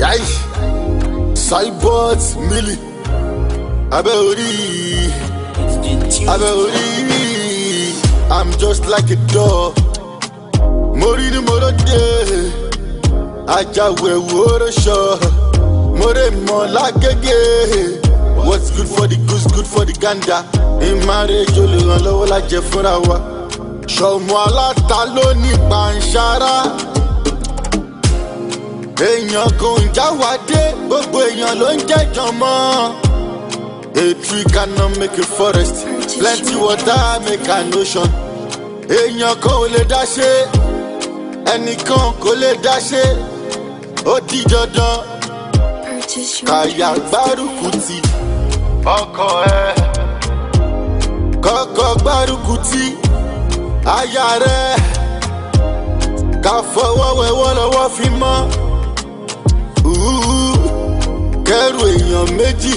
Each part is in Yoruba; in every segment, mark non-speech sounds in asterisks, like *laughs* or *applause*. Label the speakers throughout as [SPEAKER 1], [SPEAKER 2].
[SPEAKER 1] yáì cybot mili abẹ́ orí abẹ́ ori. i'm just like a dog mo rí ni mo ròde ajáwé wóró ṣọ mo rè mọ lágége what's good for the goose good for the gander ìmárèjì olùrànlọ́wọ́ lájẹ fúnra wa ṣọmọ aláta ló ní pàǹsára èèyàn kò ń jáwádé gbogbo èèyàn ló ń jẹjọ mọ. A tree cannot make a forest, plenty water make an ocean. Èèyàn kan ò lè dá ṣe, ẹnìkan kò lè dá ṣe, ó di dandan. Kàyà gbárùkù ti ọkọ ẹ. Kọ́kọ́ gbárùkù ti aya rẹ̀. Ká fọwọ́ wẹ̀wọ́ lọ́wọ́ fi mọ́ kẹrù èèyàn méjì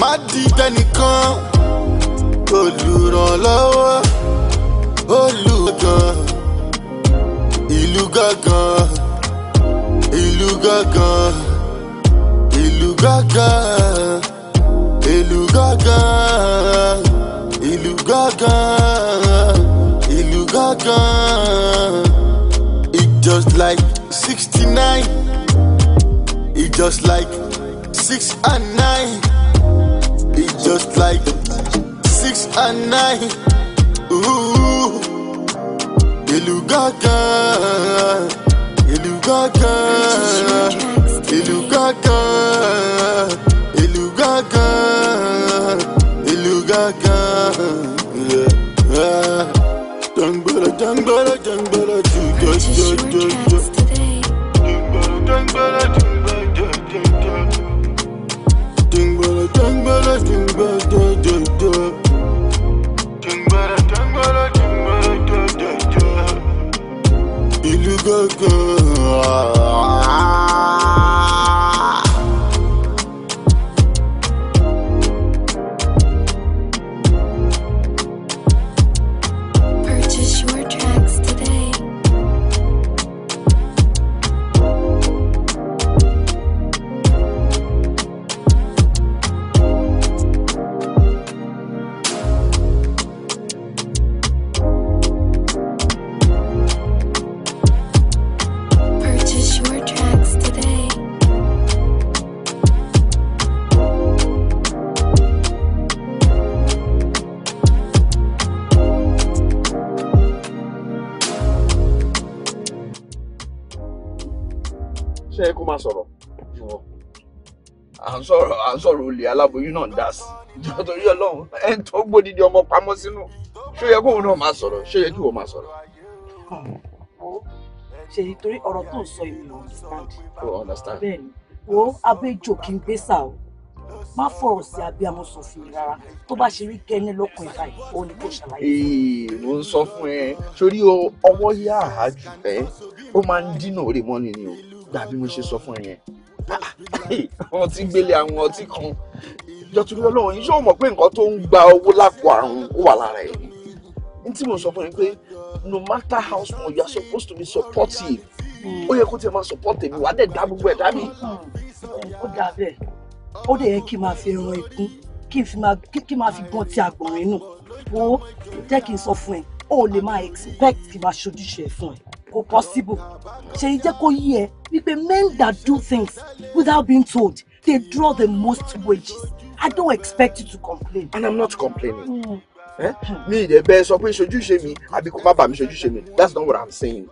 [SPEAKER 1] má di tẹnìkan olùrànlọ́wọ́ olùgàn ìlú gángan ìlú gángan ìlú gángan ìlú gángan ìlú gángan ìlú gángan it just like sixty nine. just like six and nine. It just like six and nine. Ooh, Elu Gaga, Elu Gaga, Elu Gaga, Elu Gaga, Elu Gaga. Yeah, yeah. Dangbara, dangbara, dangbara, ju, ju, ju, ju.
[SPEAKER 2] aláboyún náà dá sí nítorí ọlọ́run ẹ̀ ń tó gbódìdí ọmọ pamọ́ sínú ṣó yẹ kóun náà máa sọ̀rọ̀ ṣó yẹ kí òun máa sọ̀rọ̀.
[SPEAKER 3] ṣe nítorí ọ̀rọ̀ tó ń sọ èmi ò understand. bẹ́ẹ̀ ni wo abéjò kì í gbé sà o má fọ̀rọ̀ sí abiyamọ sọ fún mi rárá tó bá ṣe rí kẹ́ni lọ́kùn ìka yìí ó ní kó ṣàlàyé.
[SPEAKER 2] ee mo ń sọ fún ẹ sórí ọwọ́ yá àhájú ẹ ó máa ń dínà òrè mọ́ni ni o gbà mo ṣe sọ fún ẹ yẹn Ah, ọtí gbélé àwọn ọtí kan jọtúndínlọ lọ́wọ́ yìí yóò mọ̀ pé nǹkan tó ń gba owó lápò àrùn ó wà lára ẹ̀ ní tí mo sọ fún yín pé no matter how small you are supposed to be supportive hmm. ó yẹ kó tiẹ̀ máa support èmi wà á dẹ̀ dá gbogbo ẹ̀ dá mi.
[SPEAKER 3] Hmm. ó dà bẹ́ẹ̀ ó dẹ̀ yẹ kí n máa fi ran ikún kí n fi máa kí n máa fi gbọ́n ti àgbọ̀nrín nù wo jẹ́ kí n sọ fún ẹ o ò lè máa expect kí n máa ṣojúṣe ẹ̀ fún ẹ kò possible Shey, jẹ́ kó yí ẹ men that do things without being told they draw the most wages i don't expect you to complain.
[SPEAKER 2] and i'm not complaining. Mm. Eh? mi ì dẹ̀ bẹ́ẹ̀ sọ pé ṣojúṣe mi àbí kó má bà you shame me? that's not what i'm saying.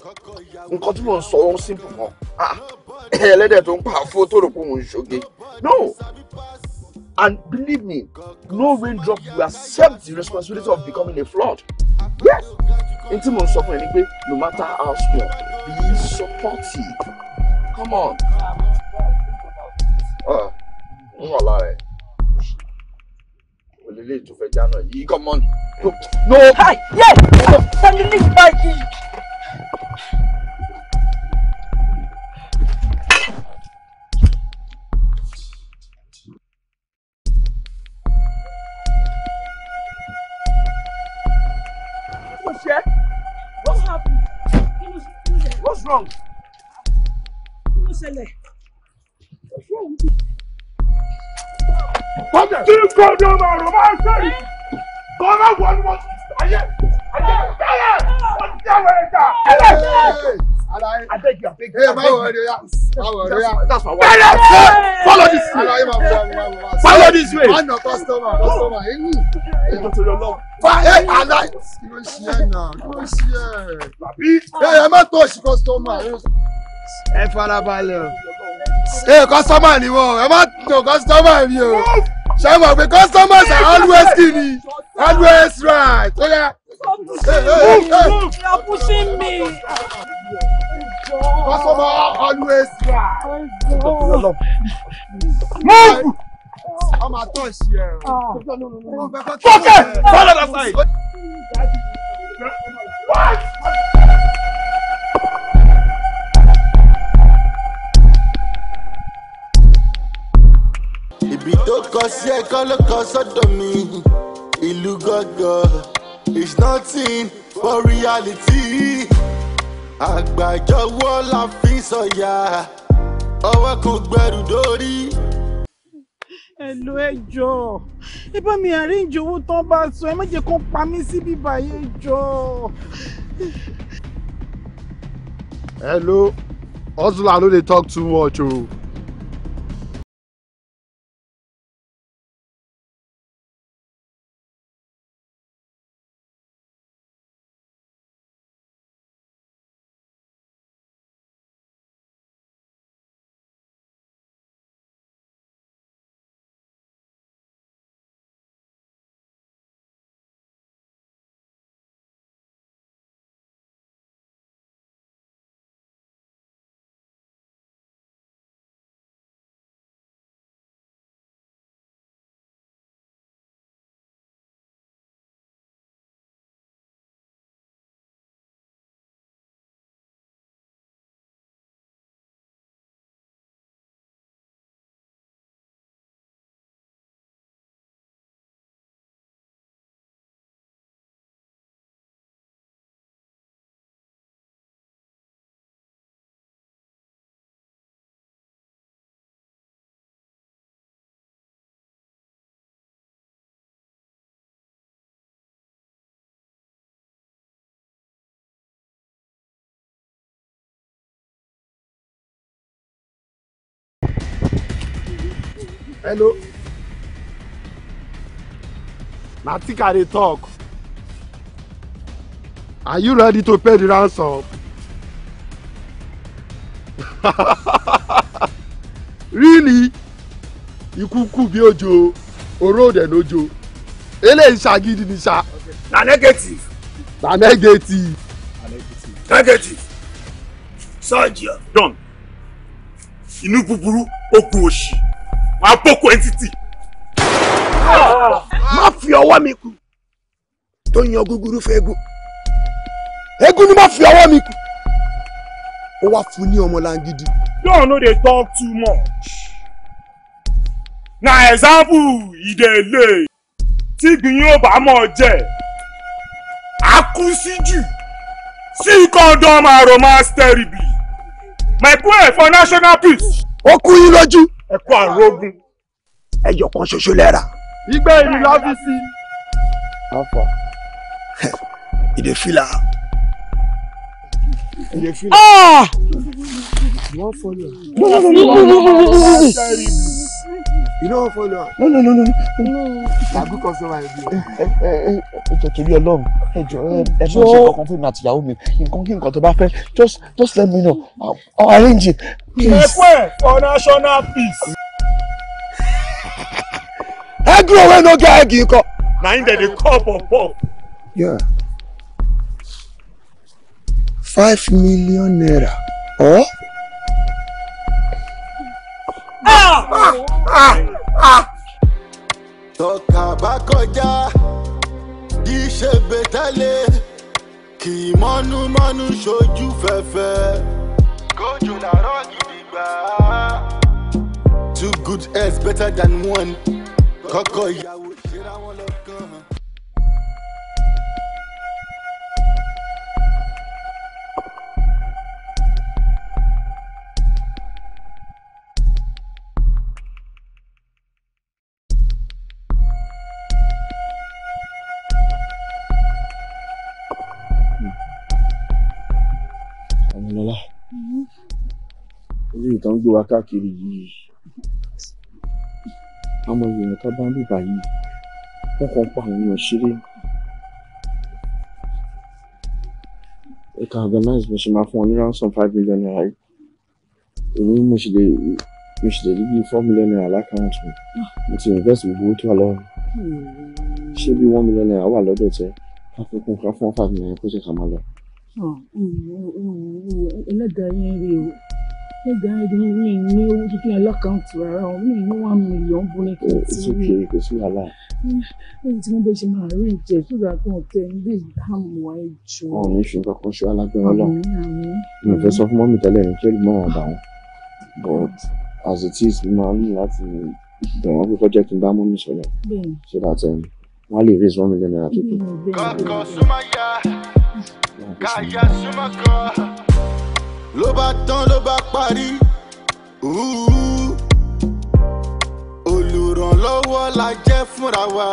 [SPEAKER 2] nǹkan tí mò ń sọ ó simple mọ́ ah, *coughs* ẹlẹ́dẹ̀ tó ń pa photo tó rò pé òun no and believe me no raindrop will accept the responsibility of becoming a flood yes n tí mò ń sọ fún ẹ ni pé no matter how small be supportive come on. Ah, n wọ̀ lára ẹ̀ olèlè tó fẹ́ jáná yìí come on. no.
[SPEAKER 3] hi yé sẹ́ni ní báyìí. strong. kí ló ṣẹlẹ̀?
[SPEAKER 2] Bọ́dẹ̀. Tí gbọ́dọ̀
[SPEAKER 3] máa rọ̀ máa ń sẹ́yìn. Bọ́dẹ̀ wọ̀ ni mo
[SPEAKER 2] ayé ayé bẹ́ẹ̀ wọ́n ti jáwé ẹja. Ẹlẹ́sìn.
[SPEAKER 1] I beg you,
[SPEAKER 2] I
[SPEAKER 3] beg you. Hey, báwo ni o ya?
[SPEAKER 2] Báwo ni o ya? That's my wife. Bẹ́ẹ̀ni ṣe follow this way. Alaye ma fọ Follow this way. One of customer customer eyi. Ètò tó yọ lọ. Fa ẹ alaye.
[SPEAKER 1] Kí ló ṣe ẹ náà? Kí ló ṣe ẹ? Ẹ ẹ má tó ṣì customer. Ẹ farabalẹ̀ o. Ẹ customer ni wọ́n, ẹ má tó customer mi o ṣe mọ̀ customers are always kini always right. Oh, yeah. You are pushing me.
[SPEAKER 3] Customer always right. Move. I'm a touch here. Fuck it! Fall on the side. What?
[SPEAKER 1] ibi tó kọ sí ẹ̀kọ́ ló kọ sọ́dọ̀ mi ìlú gọ́gọ́ is nothing for reality àgbàjọwọ́ la fi sọ̀yà ọwọ́ kan gbẹrù dórí.
[SPEAKER 3] ẹ̀lò ẹjọ́ ẹ mi arrange owó tán bá sọ ẹ má jẹ́ kó pa mí sí bíbá
[SPEAKER 1] yẹn jọ. hello hustler no dey talk too much o. Oh. hello
[SPEAKER 2] na think dey talk
[SPEAKER 1] are you ready to pay the ransom *laughs* really ikú kú
[SPEAKER 2] bí ojo oró dẹ̀ ojo eléyìí ṣàgídí ni ṣá. na negative. na negative. negative. sọ́ọ̀jì don inu inú búburú ó wàá boko entity. má fi ọwọ́ mi kù tó yan gúgúrú fún eégún eégún ni má fi ọwọ́ mi kù ó wá fún ní ọmọ langidi. yóò no dey talk too much na example ìdèlè tí ba ò bá mọ̀ jẹ́ àkúsíjù sí kọ́ńdọ́mù romance terribly my boy, for national peace. ó kú yín ẹ kó àrùn ogun ẹyọ kan ṣoṣo lẹ́ra. ìgbẹ́ ìlú la fi sí. ọ̀fọ̀. ìdè fìlà. Ah! ìdè fìlà.
[SPEAKER 3] ah. you wan follow. You don't follow am. No, no, no, no. No. Na good customer you
[SPEAKER 2] be. Ẹ jọ torí Ọlọ́run, ẹ jọ ẹ ẹ fún ṣe kankan fún mi àti ìyàwó mi, nǹkan kí nǹkan tó bá fẹ́, just just let me know, I'll, arrange it. Ẹ̀pẹ́ for national peace. Egg roll wey no get egg ikọ. Na him dey dey call for pop. Yeah. Five million naira. Or? Oh?
[SPEAKER 1] tọ́ka bá kọjá kì í ṣe bẹ́tẹ́lẹ̀ kì í mọ́númọ́nú ṣojú fẹ́fẹ́ kójú làárọ̀ gidi gbà two good heads better than one kọ́kọ́ ìyàwó ṣe ra wọn lọ.
[SPEAKER 2] orí ìtàn gbé wa káàkiri yìí àwọn èèyàn ká bá ń bìbà yìí wọn kàn pa àwọn èèyàn ṣeré ẹ̀ka organize mo ṣe máa fún ọ ní ransom five million naira yìí èmi mo ṣe lè mo ṣe lè rí bíi four million naira lákàntì mi mo ti invest gbogbo owó tó wà lọ́wọ́ ṣé bí one million naira wà lọ́dọ̀ tẹ káfíńkù ká fún five million kó ṣe ká máa lọ.
[SPEAKER 3] ẹlẹ́dàá yín rí o mo gan ẹni mi ní owó kíkẹ́ alákàntì rárá o mi ní one million bó ní kí n i kò sí wàhálà. lẹ́yìn tí wọ́n bẹ ṣe máa rí ìjẹ́ sódà kan tẹ ilé ìdáàmú wa jù. wọn ò ní
[SPEAKER 2] ṣe nǹkan kan ṣe alágbára lọ mi fẹ́ sọ fún mọ́mí tẹ́lẹ̀ ní kẹ́lí mọ́ ọ̀dà wọn but as it is mi máa ń lò láti bẹ̀ wọ́n pé kọ́ jẹ́ kí n bá mọ́mí sọ̀rọ̀ ṣé láti ẹni lè raise one million naira tó kù.
[SPEAKER 1] kọ́kọ́ súnmọ́ káyà súnmọ́ ló bá tán ló bá parí. olùrànlọ́wọ́ la jẹ́ fúnra wa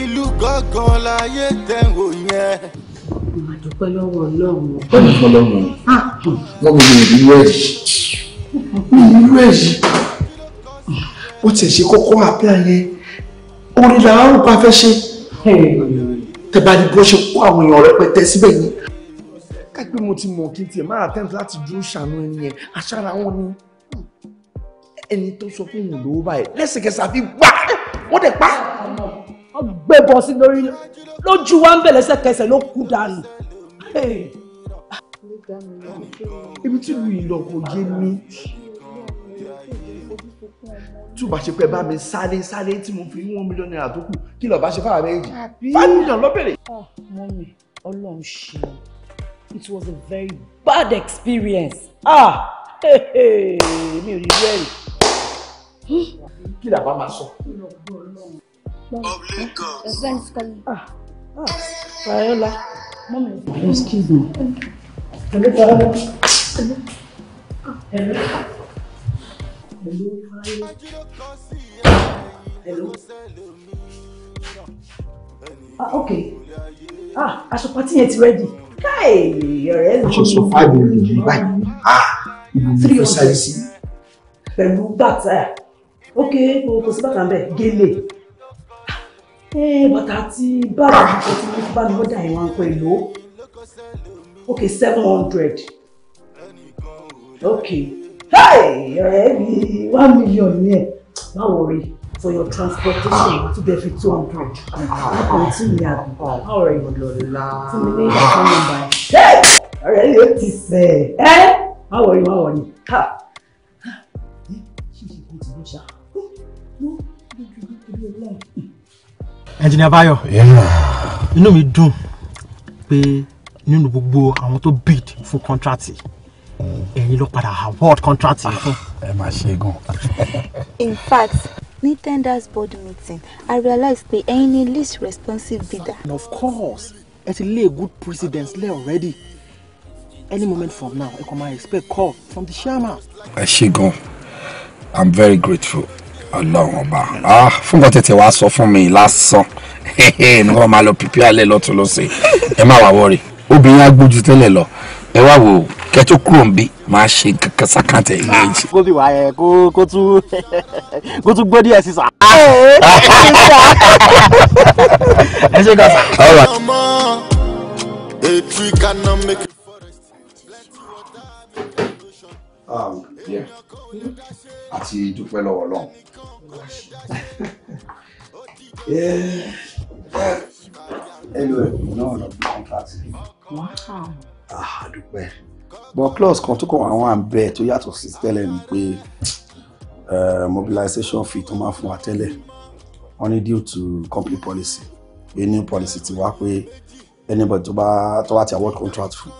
[SPEAKER 1] ìlú gángan láyé tẹ̀ ń wò yẹn. mo máa dúpẹ́ lọ́wọ́ ọlọ́run. Ah.
[SPEAKER 2] wọ́n ní fọlọ́run wọ́n gbogbo ìlú ẹ̀yìn ìlú ẹ̀yìn ó ti ṣe kókó àbíà yẹn orin làárọ̀ bá fẹ́ ṣe tẹ̀bá ni bó ṣe kó àwọn èèyàn rẹpẹtẹ síbẹ̀ yẹn láì pé mo ti mọ̀ kí n tiẹ̀ máa attempt láti dúró ṣàánú ẹni yẹn aṣára wọn ni ẹni tó sọ fún
[SPEAKER 3] òun lówó báyìí lẹ́sẹ̀kẹsẹ̀ àfi wá wọ́n dẹ̀ pa. gbẹ̀bọ̀ sí lórí lójú wa ń bẹ̀ lẹ́sẹ̀kẹsẹ̀ ló kú dànù ibi tí lu ìlọ́kọ̀ yé mi
[SPEAKER 2] tí ṣe pé bá mi sáré sáré tí mo fi one million naira tó kù kí ló bá ṣe fáwọn méjì
[SPEAKER 3] five million lọ́bẹ̀rẹ̀. Ah, mọ́mi ọlọ́run ṣeun it was a very bad experience ah mi ò rí rí ẹ̀rí. kí ni àbá máa sọ. Rayola, ah, ah, mọ́mí. Excuse me. Hello, Hello. Hello. Ah, okay. Ah, aṣọ pàtí yẹn ti rẹ́dì káì ọ̀rẹ́ mi. ṣe sọ fáàbì òyìnbó báyìí
[SPEAKER 2] ah, ibi ló fẹ́ sáré
[SPEAKER 3] sí. pẹ̀lú bàtà ok kò sí bàtà ń bẹ̀ gélé bàtà àti bàbá àti tí wọ́n bá mi wọ́n dà yín wọn pẹ̀lú ok seven hundred ok ọ̀rẹ́ mi one million yẹn báwo rí i for your transportation to the fit two hundred. ọkàn tí mi àgbà How are you? How are you? nọ́mbà ẹ̀. ọ̀rẹ́ yóò ti sẹ̀ ẹ́ má wọrí má wọrí. ẹnjìnìá Báyọ̀
[SPEAKER 2] inú you? dùn pé nínú gbogbo àwọn tó bid fún kọ́ńtrátì mm. ẹ̀yin ló padà award kọ́ńtrátì ah, fún. ẹ máa ṣe gan.
[SPEAKER 3] in fact ní tenders board meeting i realize pé ẹ̀yin ni least responsive bidder.
[SPEAKER 2] and of course ẹ ti lay a good precedence lay already any moment from now ẹ kàn máa expect call from the chairman. ẹ ṣé gan i'm very grateful Ọlọ́run ọba ah fún kan tètè wàá sọ fún mi lásán nǹkan máa lọ pípí alẹ́ lọ́tún lọ́sẹ̀ ẹ má wàá wọrí obìnrin agbójú tẹ́lẹ̀ lọ ẹ wá wò ó kẹtó kúrò nbí máa ṣe kankan sakanta ẹ
[SPEAKER 3] kó ti wà ẹ kó kó tún *laughs* kó tún gbódì ẹ sísà. ẹ ṣe
[SPEAKER 1] kan sá. Um, àti dúpẹ́ lọ́wọ́
[SPEAKER 2] lọ́hùn. ẹnu ẹ̀ náà lọ bí wọ́n ká sí àdúpẹ́ ah, but clause kan tó kàn àwọn àbẹ̀ tó yàtọ̀ sí tẹ́lẹ̀ ni pé eh, mobilization fee tó máa fún wa tẹ́lẹ̀ wọ́n ní due to company policy pé new policy ti wá pé anybody tó bá tó bá ti award contract fún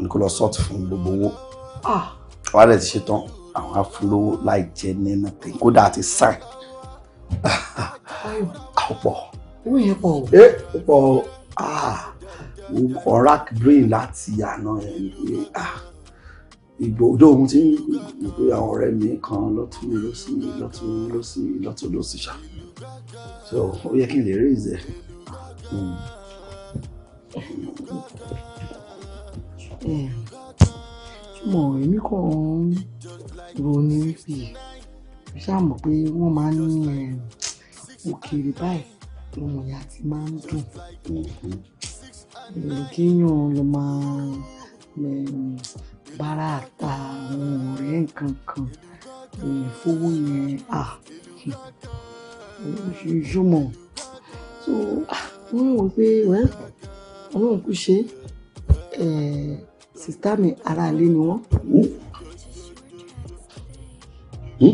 [SPEAKER 2] ní kó lọ sort fún gbogbo owó wàá ah. rẹ̀ ti ṣe tán àwọn afúlówó láì jẹ́ nínú tè kódà àti sign àpọ̀.
[SPEAKER 3] *laughs* owó yẹn pọ̀ o.
[SPEAKER 2] Eh, pọ̀ o. Ah ọ̀rák brain láti àná ẹni pé ìgbòdo ohun tí ń pè àwọn ọ̀rẹ́ mi kan lọ́tún mi lọ́sí mi lọ́tún mi lọ́sí mi lọ́tún lọ́sí ṣá so ó yẹ kí n lè rí ìzẹ́.
[SPEAKER 1] Hmm.
[SPEAKER 3] mo èmi kò ronú wípé mo ṣàmọ̀ pé wọ́n máa ń ní eh, òkèèrè báyìí lóhun ìyá ti máa ń dùn kéèyàn lọ máa eh, bára ta àwọn ọ̀rẹ́ nǹkan kan eh, fowó yẹn à oṣooṣù hm, mọ̀ so wọ́n rò pé wẹ́n ọlọ́run kò ṣe é eh, sìtá mi aráalé ni wọ́n.
[SPEAKER 2] kí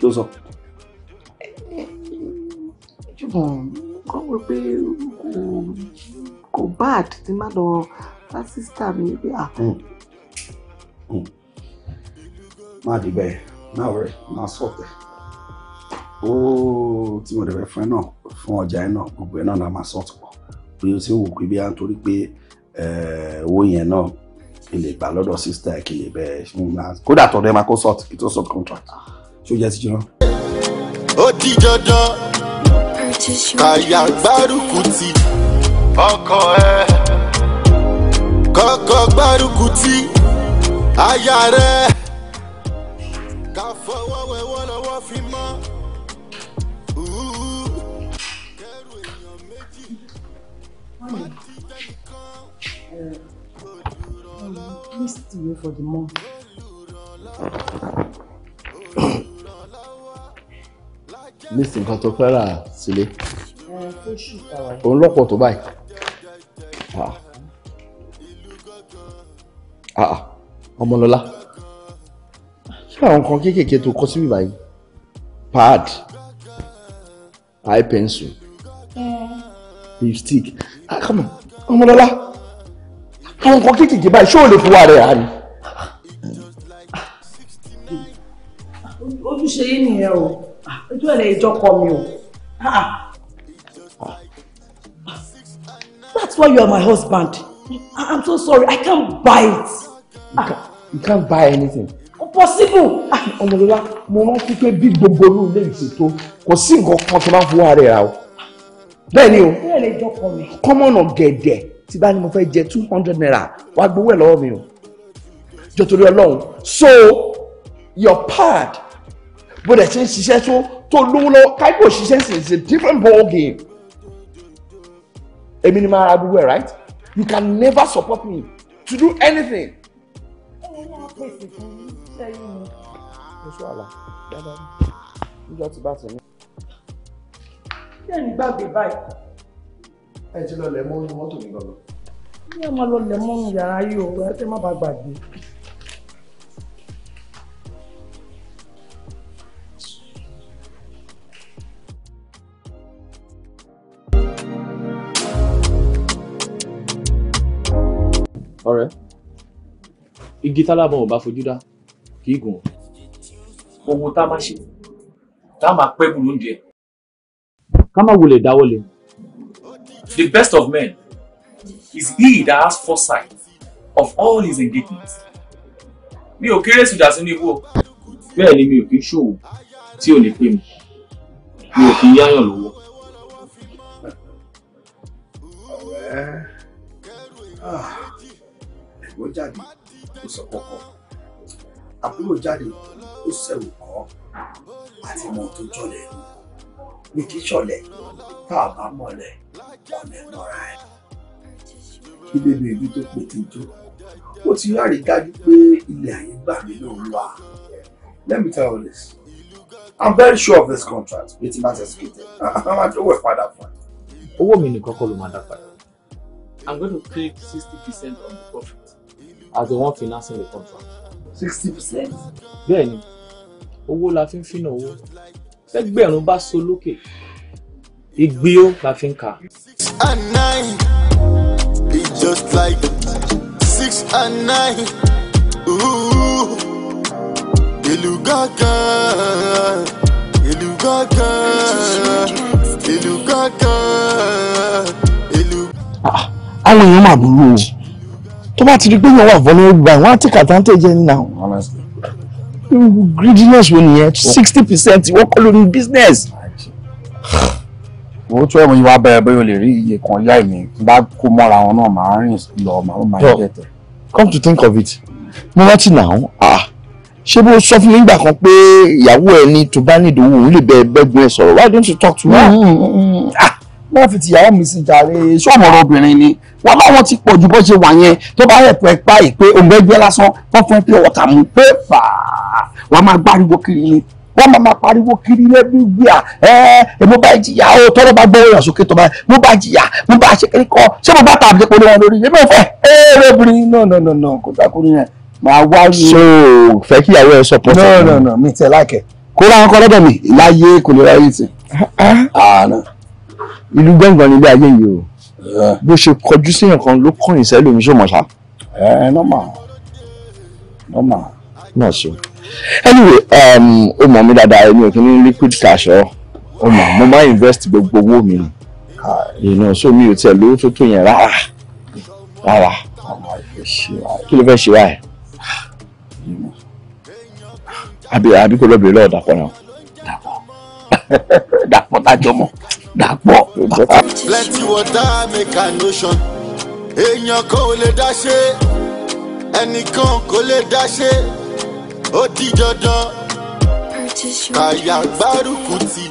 [SPEAKER 2] ló sọ.
[SPEAKER 3] jùmọ̀ kọ́ wọ́n pé kò kò bad tí má lọ bá sísítà mi pé à. Ah. Hmm.
[SPEAKER 2] Hmm. má dìbẹ̀ náà rẹ̀ máa sọ̀tẹ̀ ó tí mo dẹ̀bẹ̀ fún ẹ náà fún ọjà ẹ náà gbogbo ẹ náà la máa sọ̀tù pọ̀ bí o ti wù pé bí a ń torí pé eh, owó yẹn náà kì lè gbà lọ́dọ̀ sísítà kì í lè bẹ̀ẹ́ kódà tọ̀dọ̀ ẹ máa kó sọ̀tù kí tó sọ̀tù contract ṣó jẹ́ ti jìnnà.
[SPEAKER 1] ó di dandan kàyà gbárùkù ti ọkọ ẹ. kọ́kọ́ gbárùkù tí aya rẹ̀ ká fọwọ́ wẹ̀wọ́ lọ́wọ́
[SPEAKER 3] for the month.
[SPEAKER 2] Listen, nǹkan tó fẹ́ rà sílé. Òun lọ́pọ̀ Ah, ah. ọmọlọ́lá ṣé àwọn nǹkan kéékèèké tó kọ́ sí bíbá yìí pad eye pencil mm. lipstick ah, come on àwọn nǹkan kéékèèké báyìí ṣé o lè fowó rẹ̀ rà ni.
[SPEAKER 3] ojúṣe yìí nìyẹn o ojú ẹ̀ lè jọkọ mi o. That's why you are my husband. I'm so sorry. I can't buy it. You, ah. can, you can't buy anything. Impossible. Ah, Ọmọlọ́lá, mo máa ń fi big bí
[SPEAKER 2] gbogbo olú ilé ìṣètò kò sí nǹkan kan tó máa ń fowó ara ẹ̀ ra o.
[SPEAKER 3] Bẹ́ẹ̀ ni o. Bẹ́ẹ̀ lè jọkọ mi.
[SPEAKER 2] Kọ́mọ̀nà gẹ̀dẹ̀ tí bá ní mo fẹ́ jẹ two hundred naira wàá gbowó ẹ̀ lọ́wọ́ mi o. Jọ̀tòrí Ọlọ́run. So your part bó dẹ̀ ṣe ń ṣiṣẹ́ tó tó lówó lọ́wọ́ káyọ̀ òṣìṣẹ́ sì is a different ball game èmi ni màá ra gbogbo ẹ̀ right you can never support me to do anything. ẹni náà pèsè fún sẹ́yìn mi. mo sọ ní. ẹ ti lọ lẹ̀
[SPEAKER 3] mọ́ yàrá yìí o ẹ fẹ́ má bàa gbàgbé.
[SPEAKER 2] ọ̀rẹ́ igi tálábọ̀ ò bá fojú dá kì í gùn ohun tá a máa ṣe tá a máa pẹ́ bù lóúnjẹ ká má wulẹ̀ dáwọ́lé. the best of men is he that has foresight of all his engagements. mi ò kéré sùdà sínú ibú o. bẹ́ẹ̀ ni mi ò kí ń ṣòwò tí ò ní pè mí mi ò kí ń yáyàn lówó. ọ̀rẹ́ ah jáde ó sọ̀pọ̀ kọ́ àbúrò jáde ó sẹ̀wò kọ́ àti mọ tó jọlẹ̀ ní kí ṣọlẹ̀ tá a bá mọ̀lẹ̀ ọ̀lẹ̀ nọ̀ra ẹ̀. kí bèbè ibi tó pè ti jó ó ti rárí dájú pé ilé ayé gbà mí ló wá. Let me tell you this I'm very sure of this contract wey ti ma ṣe sikete àwọn àjọwò ẹ̀ padà fún ẹ. owó mi nìkan kọ́ ló máa dá padà I'm going to take sixty percent of the profit as the one financing the contract. sixty percent. bẹ́ẹ̀ni owó la fi ń fínà owó
[SPEAKER 1] tẹ́gbẹ̀rún bá so lókè ìgbíó la fi ń kà. six and nine it's just like six and nine ìlú gángan ìlú gángan ìlú
[SPEAKER 2] àwọn èèyàn máa burú o tó bá ti di pé yẹn wà vulnerable báyìí wọ́n á take advantage ẹni náà. greediness wo nìyẹn sixty percent wọ́n kọ́ ló ní business. owó tó ẹ̀wọ̀n yìí wá bẹ̀rẹ̀ bóyá o lè rí iye kan yá èmi bá kó mọ́ra wọn náà máa rìn lọ máa máa jẹ́ tẹ̀. come to think of it mo rántí náà ah ṣé bó sọ fún mi nígbà kan pé ìyàwó ẹ ní tó bá nídìí owó òun lè bẹ ẹgbẹ́gun ẹ sọ̀rọ̀ why don't you talk to me? Mm-hmm, mm-hmm, mm-hmm. ah wọ́n fi tìyàwó mi sí jàre ṣọ́ọ̀mù ọ̀rọ̀ obìnrin ni wọn láwọn ti pọ̀ ju bó ṣe wà yẹn tó bá yẹ pẹ́ báyìí pé ògbẹ́gbẹ́ lásán wọ́n fún pure water pé fà á máa gbáriwo kiri ni wọ́n máa máa pariwo kiri lẹ́bí gbìyà ẹ́ mo bá jìyà o tọ́lọ́ bá gbọ́ ìyàn sókè tó bá mo bá jìyà mo bá ṣe kékeré kọ́ ṣé mo bá tàbí pé wọn lórí ẹ̀mí ò fẹ́ ẹ̀rẹ́ obìnrin no no no no kò dákúrú yẹn màá wá rí so fẹ́ kí ìyàwó ẹ sọ pọ̀ sí i. no no no mi tẹ̀ láìkẹ́. kó ra ọkọ lọ́dọ̀ mi láyé kò lè ráyè tì. Ah, ah. ah, ìlú gbọ̀ngàn nílé ayé yìí o bó ṣe kọjú sí nǹkan ló kọyìn sẹ́lòmí ṣó mọ̀ ṣá. ẹ nọ́mà nọ́mà. anyway ó um, mọ̀ mí dáadáa èmi ò ní liquid cash ọ́ ó mọ̀ mo máa invest gbogbo owó mi ìnà so mi ò tiẹ̀ lówó tó tó yẹn rárá rárá kí ló fẹ́ ṣe báyìí àbí àbí kò lọ bèrè lọ́wọ́ dàpọ̀ náà dàpọ̀ *laughs* dàpọ̀ dájọ́ mọ́ dàpọ̀.
[SPEAKER 1] plenty water make an ocean èèyàn kan ò lè dá ṣe ẹnìkan kò lè dá ṣe ó di dandan kàyà gbárùkù ti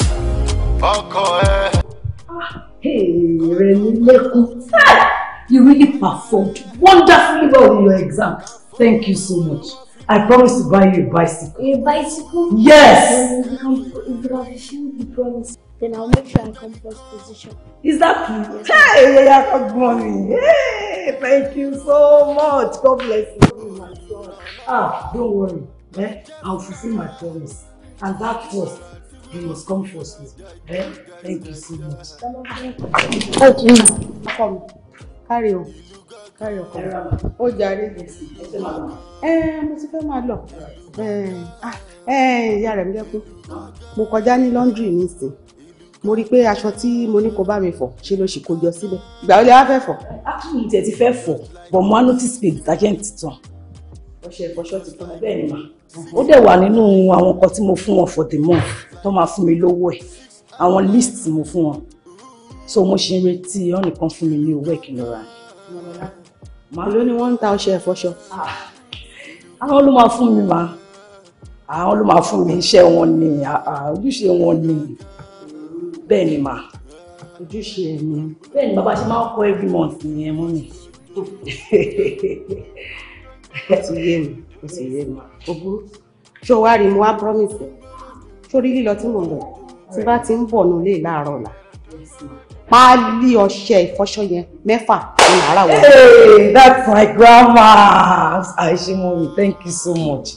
[SPEAKER 1] ọkọ ẹ.
[SPEAKER 3] èrè lẹ́kùn you really performed wonderfully well in your exam thank you so much. I promise to buy you a bicycle. A bicycle? Yes! You promise. Then I'll make sure I come first position. Is that Yes, hey, you are not money. Hey, thank you so much. God bless you. Oh my God. Ah, don't worry. Eh? I'll fulfill my promise. And that first, you must come first. Eh? Thank you so much. Thank you. Come. Carry on. Carry on. Carry on. Ó jàre. Ẹ eh, mo ti fẹ́ máa lọ. Ẹ eh, ah, eh, ìyá rẹ̀ mi jẹ́ pé mo kọjá ní lọ́ndrì nísìnyí mo rí i pé aṣọ tí mo ní kó bá mi fọ̀ ṣe ló sì kó jọ síbẹ̀ ìgbà wo lè wá fẹ́ fọ̀. ákùnrin ìtẹ̀ ti fẹ́ fọ̀ but mo á notice pé detergent ti tàn ọṣẹ ìfọṣọ ti tán bẹ́ẹ̀ ni mà ó dẹ̀ wà nínú àwọn nǹkan tí mo fún wọn for the month tó máa fún mi lówó ẹ̀ àwọn list mo fún wọn so mo ṣe ń retí ọ̀nìkan fún mi ní owó ẹ̀ kí n lọ rà ní. èló ni wọ́n ń ta ọṣẹ ìfọṣọ. Ah, àwọn ló máa fún mi mà àwọn ló máa fún mi iṣẹ́ wọn ni ah, ah, ojúṣe wọn ni bẹ́ẹ̀ ni mà ojúṣe ẹ̀ ni bẹ́ẹ̀ ni bàbá ṣe máa ń kọ́ every month nìyẹn mú mi. ó ti yé mi ó ti yé mi ó burú ṣó wá rí mo wá promise ẹ sórí lílọ tí mo lọ tí bá ti ń bọ̀ nílé láàárọ̀ ọ̀la páálí ọṣẹ ìfọṣọ yẹn mẹ́fà ní ara wọn. hey that's my grandma àìṣemomi thank you so much.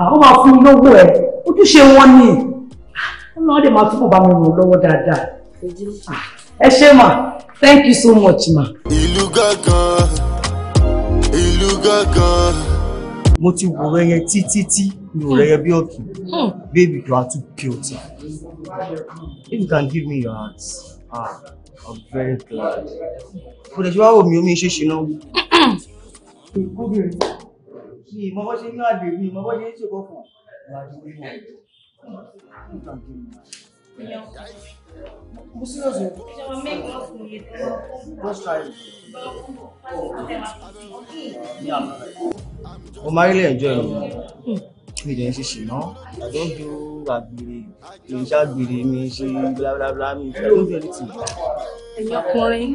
[SPEAKER 3] àwọn máa fún mi lówó ẹ ojúṣe wọn ni ọlọ́run dẹ̀ máa túbọ̀ bá mi ràn lọ́wọ́ dáadáa ẹ ṣé mà thank you so much ma. ìlú gángan ìlú gángan. mo ti wò rẹyẹ títí tí mi ò rẹyẹ bí ọkì hmm.
[SPEAKER 2] baby you are too beautiful if you can give me your heart ah i'm very glad. mo tẹ̀síwá wò mí omi ṣe ṣe náà wú.
[SPEAKER 3] ìmọ̀ bọ́ ṣe ní àgbè ìmọ̀ bọ́ ṣe ń ṣèkọ́ fún ọ. Mo serious o. Just try it.
[SPEAKER 2] Mo máa Mi dẹ̀ ń ṣe ṣìná.
[SPEAKER 3] I don
[SPEAKER 2] àgbèrè, mi ṣàgbèrè, mi ṣe blablabla, mi I don do anything.
[SPEAKER 3] Ẹ̀yin ọkùnrin,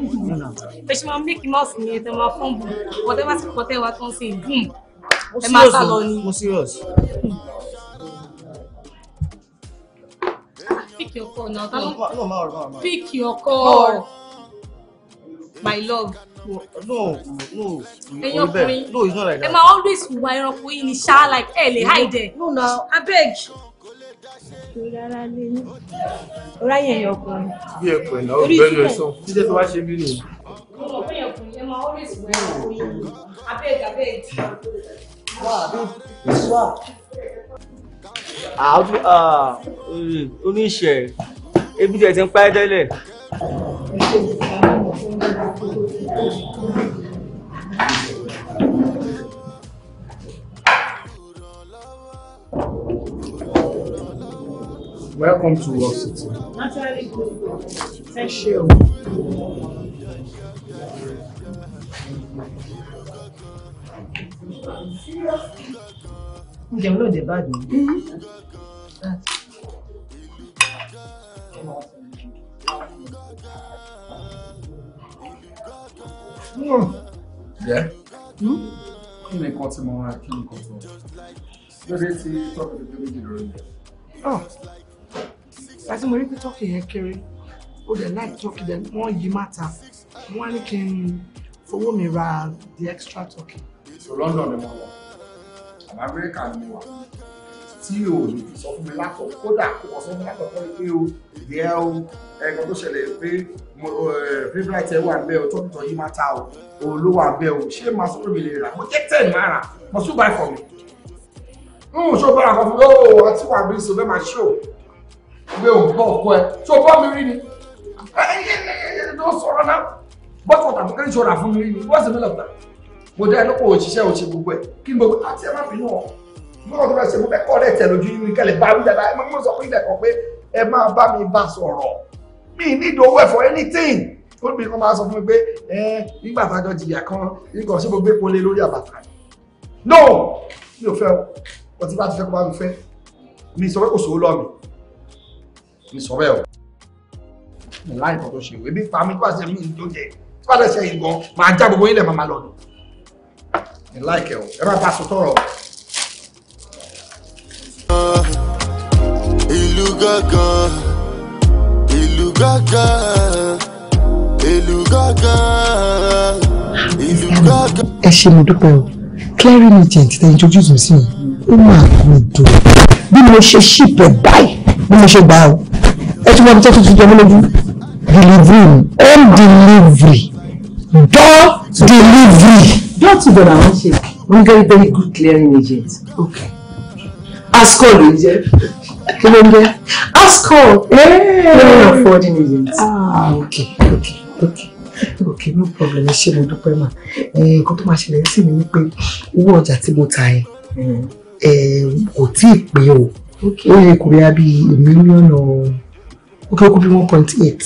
[SPEAKER 3] ẹ ṣe máa make mouse ni ẹ máa fún bù. Whatever ti kọ́ tẹ́ tó ń ṣe boom. Ẹ máa sá lọ ni. Mo serious. Hmm. pick your call now. No, no, no, no, no. Pick your call. My love. No, no, no. Ẹ̀yin
[SPEAKER 1] No, it's not like that. Ẹ máa
[SPEAKER 3] always wà up yìí ni ṣá like ẹ lè hide. No, no. Abeg. Rárá lé ní. Ráyè
[SPEAKER 1] ẹ̀yin ọkùnrin. Bí ẹ pẹ̀ náà, bẹ́ẹ̀ lọ
[SPEAKER 2] sọ. Jíjẹ́ tó wá ṣe mí nìyí. No,
[SPEAKER 3] ẹ̀yin ọkùnrin, ẹ máa always wà ẹranko yìí. Abeg, abeg. Wà á bí
[SPEAKER 2] wà oníṣẹ́ ebi tí ẹ ti ń pa ẹ́ tẹ́lẹ̀.
[SPEAKER 3] Welcome to Work City. Naturally good. Ẹ jẹun náà dé bàdùn. Mhm. jẹ́ hmm?
[SPEAKER 2] kí ni nǹkan tí mo ra kí ni nǹkan tó lórí tí tọ́kì tó tóbi jù lórí rẹ̀.
[SPEAKER 3] Ah, láti mo rí pé the extra talking.
[SPEAKER 2] so London ni mo amẹ́ríkà ni wà tí o lè sọ fún mi látọ̀ kódà kò sọ fún látọ̀ pé pé o ìdíyẹ o ẹ̀kan tó ṣẹlẹ̀ pé favourite ẹ̀ wà bẹ́ẹ̀ o tọ́kítọ̀ yìí máa ta o o ló o ṣé màá sọ́dọ̀ mi lè rà mo jẹ́ ten náírà mo tún buy for me. n ò ṣó bára fún mi ó ọtí wà bí so bẹ́ẹ̀ máa ṣó gbé òun bọ̀ ọkọ ẹ tó bọ́ mi rí ni ẹ ẹ ẹ ẹ ló sọ̀rọ̀ náà bọ́tù ọ̀tà tó kẹ́rin ṣọ́ra fún mi rí ni wọ́n sì mí lọ́ta mo dá ẹnu kò òṣìṣẹ́ òṣì gbogbo ẹ̀ kí n gbogbo àti ẹ má fi yàn ọ́ mọ́kàn tó bá ṣe mo fẹ́ kọ́ ọ̀rẹ́ tẹ̀ lójú yín kẹlẹ̀ bá wí dáadáa ẹ má mọ̀ sọ fún ilẹ̀kọ̀ pé ẹ máa bá mi bá sọ̀rọ̀ mi need owó ẹ̀ for anything olùbí kan máa sọ fún mi pé ẹ nígbà tájọ jìyà kan nǹkan ṣé mo gbé polé lórí àbàtà no mi ò fẹ́ ọ tí bá ti fẹ́ kó bá mi fẹ́ mi sọ pé kò sòó lọ́ọ̀mì mi sọ bẹ́ẹ̀ o láì kọ́ tó ṣe ìwé bí pa mi tó bá ṣe mí ní tó jẹ tó bá lẹ́sẹ̀ yìí máa já gbogbo yín máa lọ nù
[SPEAKER 1] láìkẹ́ o ẹ bá bá aṣọ tọrọ. ìlú gángan ìlú gángan ìlú gángan ìlú gángan.
[SPEAKER 3] ẹ ṣe mo dúpẹ́ o clearing agent tẹ introduce mi sí mi ó máa gbọdọ̀ bí mo ṣe ṣìpẹ̀ báyìí bí mo ṣe gbà o ẹ tún wá mi tẹ́tù tuntun mi lójú delivery home delivery door delivery. Not to that I want you. get very, very good clearing agent. Okay. ASCOL agent. Remember? ASCOL. Hey. No, no, forwarding agent. Ah, okay, okay, okay. Okay, no problem. I ṣé mo dúpẹ́ mà. Nǹkan tó máa ṣẹlẹ̀ sí mi ni pay. owó ọjà tí mo ta Eh, mm-hmm. kò tí ì pé o. Ó yẹ kò bíyà bíi mílíọ̀nù ó kéré kó one point eight.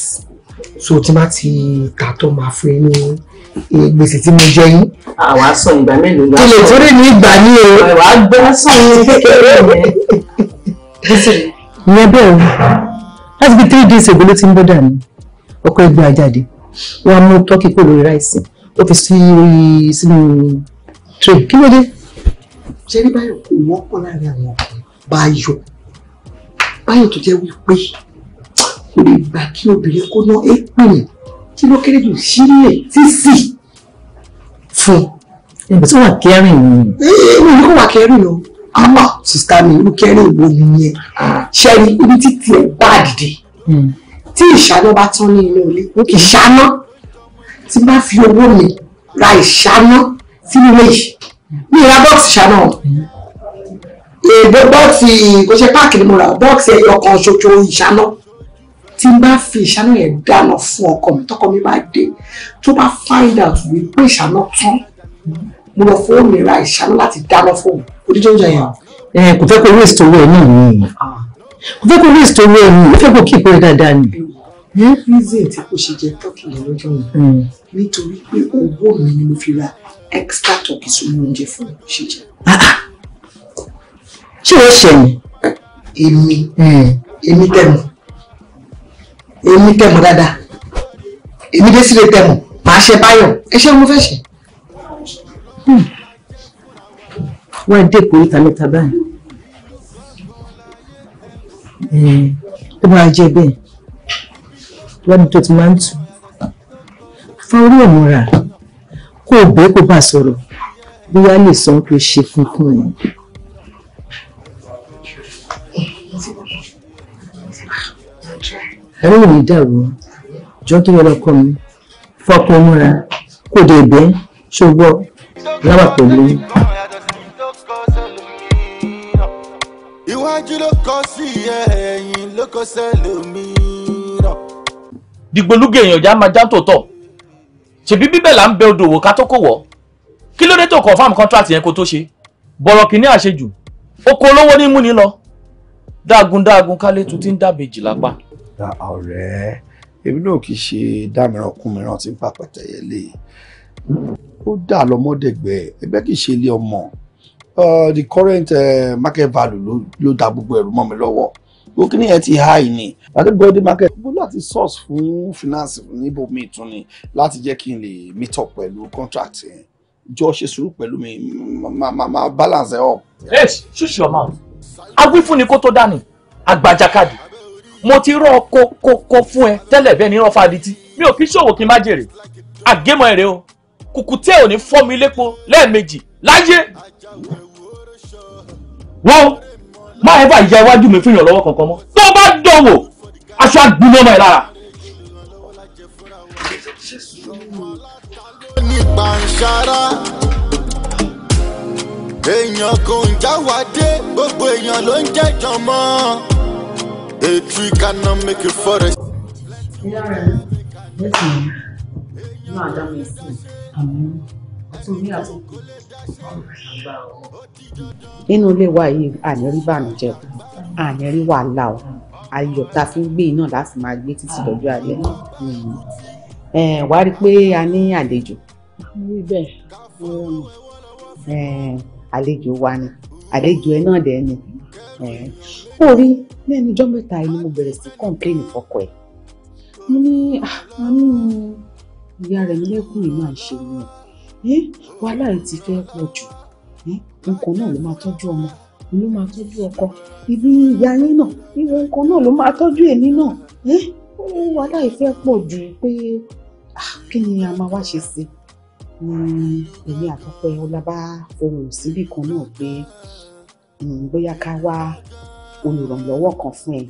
[SPEAKER 3] So tí tato ti tà tó máa fún yín àwa sọ ìgbà mélòó
[SPEAKER 1] gbà. ilé torí ní
[SPEAKER 3] ìgbà ní o. àwa gbọ́ sọ ní kékeré rẹ̀. ìyẹn bẹ́ẹ̀ o láti fi three days ago ló ti ń bọ́dà mi ọkọ̀ ẹgbẹ́ ajáde wọ́n á mú tọ́kì pò lórí ráìsì ó fi sí orí sínú tray kí ló dé. ṣé rí báyọ̀ kò wọ́pọ̀ láàrin àwọn ọkùnrin báyọ̀ báyọ̀ tó jẹ́ wípé kò lè gbà kí obìnrin kó ná èpè kí ló kéré jù sílẹ̀ sísì fún ẹgbẹ́ tí wà kẹrin ni. èmi ni kò wà kẹrin o àmọ́ mm. ah, sista mi irú kẹrin ìwò nìyẹn ah. ṣẹ́ni ibi títí ẹ̀ bá dìde mm. tí ìṣáná bá tán ní inú ilé ìṣáná tí bá fi owó mi ra ìṣáná sínú ilé yìí mi ra bọ́ọ̀sì ìṣáná o mm. èdè bọ́ọ̀sì kò ṣe páàkì ni mo ra bọ́ọ̀sì ẹyọ kan ṣoṣo ìṣáná tí n bá fi ìṣáná yẹn dáná fún ọkọ mi tọkọ mi bá dé tó bá find out wípé ìṣáná tán mo lọ fowó mi ra ìṣáná láti dáná fóun odídó oúnjẹ yẹn. ẹ kò fẹ́ kó waste owó ẹ̀ náà ni ah. kò fẹ́ kó waste owó ẹ̀ ni ó fẹ́ kó kí ìpẹ́rẹ́ dáadáa ni. reason tí kò ṣe jẹ tọ́kì yẹn lọ́jọ́ yẹn hmm. nítorí pé owó mi ni mo fi ra extra turkey sórí oúnjẹ fún ṣe jẹ. Ah, ah. ṣé o ṣẹ̀yìn? èmi hmm. èmi tẹ̀ mọ́ èmi tẹ̀mọ̀ dáadáa èmi dé sílé tẹ̀mọ̀ màá ṣe báyọ̀ ẹ ṣé mo fẹ́ ṣe. Hmm. wọ́n á dé ìkórìtà mẹ́ta báyìí tó eh, máa jẹ bẹ́ẹ̀ lọ́dún tó ti máa ń tù fa orí ọ̀hún rà kó o bẹ́ẹ̀ kó bá sọ̀rọ̀ bóyá lè sọ pé ṣe funfun ẹ̀. ayé ò ní dàrú jọ kí lọ́lọ́ kọ́ mi fọ́pọ̀ múra kò dé bẹ́ ṣùgbọ́n láwà pẹ̀lú.
[SPEAKER 1] iwájú ló kọ sí ẹ̀yìn ló kọ sẹ́lòmíràn.
[SPEAKER 2] dìgbòlúgẹ èèyàn já máa já tòótọ́ ṣèbí bíbẹ̀ là ń bẹ odò òwò ká tó kò wọ́ kí ló dé tó confirm contract yẹn kó tó ṣe bọ̀rọ̀ kìíní àṣejù oko ní múni lọ dáagun dáagun kálé tún ti ń dàbèjì lápá ọ̀rẹ́ èmi náà kì í ṣe dámìíràn kún mìíràn tí ń pa pẹ̀tẹ́yẹ lé ó dà lọ́mọdẹ̀gbẹ́ ẹgbẹ́ kì í ṣe ilé ọmọ the current uh, market value ló ló da gbogbo ẹ̀rù mọ́ mi lọ́wọ́ gbogbo kí nìyẹn ti high ni adébọ̀dé market gbogbo láti source fún finance níbo mi tún ni láti jẹ́ kí n lè meet up pẹ̀lú contract yẹn jọ ṣe sùúrù pẹ̀lú mi máa balance ẹ̀ up. ẹ ṣùṣù ọmọ àwọn awífúnni kó tó dání àgbàjàkadì mo ti rọ kókókó fún ẹ tẹ́lẹ̀ bẹ́ẹ̀ ní rán fadití mi ò kí ṣòwò kí n má jèrè àgémọ̀ èrè o kùkùté ò ní fọ́ mi lépo lẹ́ẹ̀mejì láyé. wọ́n má ẹ bá ya iwájú mi fún ìrànlọ́wọ́ kankan mọ́ tó bá dán aṣọ àgbìnà ọmọ ẹ lára.
[SPEAKER 1] èèyàn kò ń jáwádé gbogbo èèyàn ló ń jẹ́jọ́ mọ́. A tree cannot make a forest.
[SPEAKER 3] nínú ilé wa yìí àní rí bànújẹ́ àní rí wàhálà o ayọ̀ tá a fi ń gbé iná láti máa gbé títí lọ́jọ́ alẹ́ wàá rí i pé a ní àlejò àlejò wa ni àlejò ẹ náà dẹ̀ ni ó rí lẹ́nu ọjọ́ mẹ́ta yìí ni mo bẹ̀rẹ̀ sí kọ́ńpléènì fọkọ ẹ̀ mo ní àánú ah, ìyá rẹ̀ lẹ́kùn yìí máa ń ṣe ni wàhálà yìí ti fẹ́ pọ̀ jù nǹkan náà ló máa tọ́jú ọmọ ló máa tọ́jú ọkọ ibi ìyá yín náà ìwọ nǹkan náà ló máa tọ́jú èmi náà ó wàhálà yìí fẹ́ pọ̀ jù pé ah, kí ni a máa wá ṣe sí i èmi àtọ́kọ ẹ̀ ọlá bá fohùn síbì kan náà pé bóyá ká wá olùrànlọ́wọ́ kan fún ẹ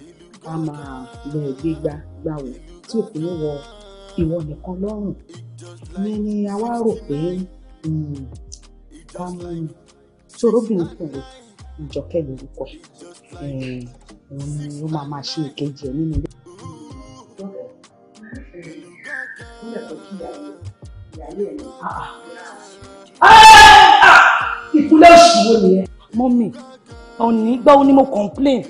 [SPEAKER 3] ká máa lọ ẹgbẹ́ gbá gbàwó tí òfin ní wọ ìwọ nìkan lọ́rùn ìyẹn ni a wá rò pé ká mú sorobìnrin fún rẹ ìjọkẹ́ lórúkọ òun ni ó máa máa ṣe ìkejì ẹ nínú ilé. Ah, ah. ìkúlẹ̀ òṣìwò nìyẹn. mọ́mì òní gbáwo ni mo complain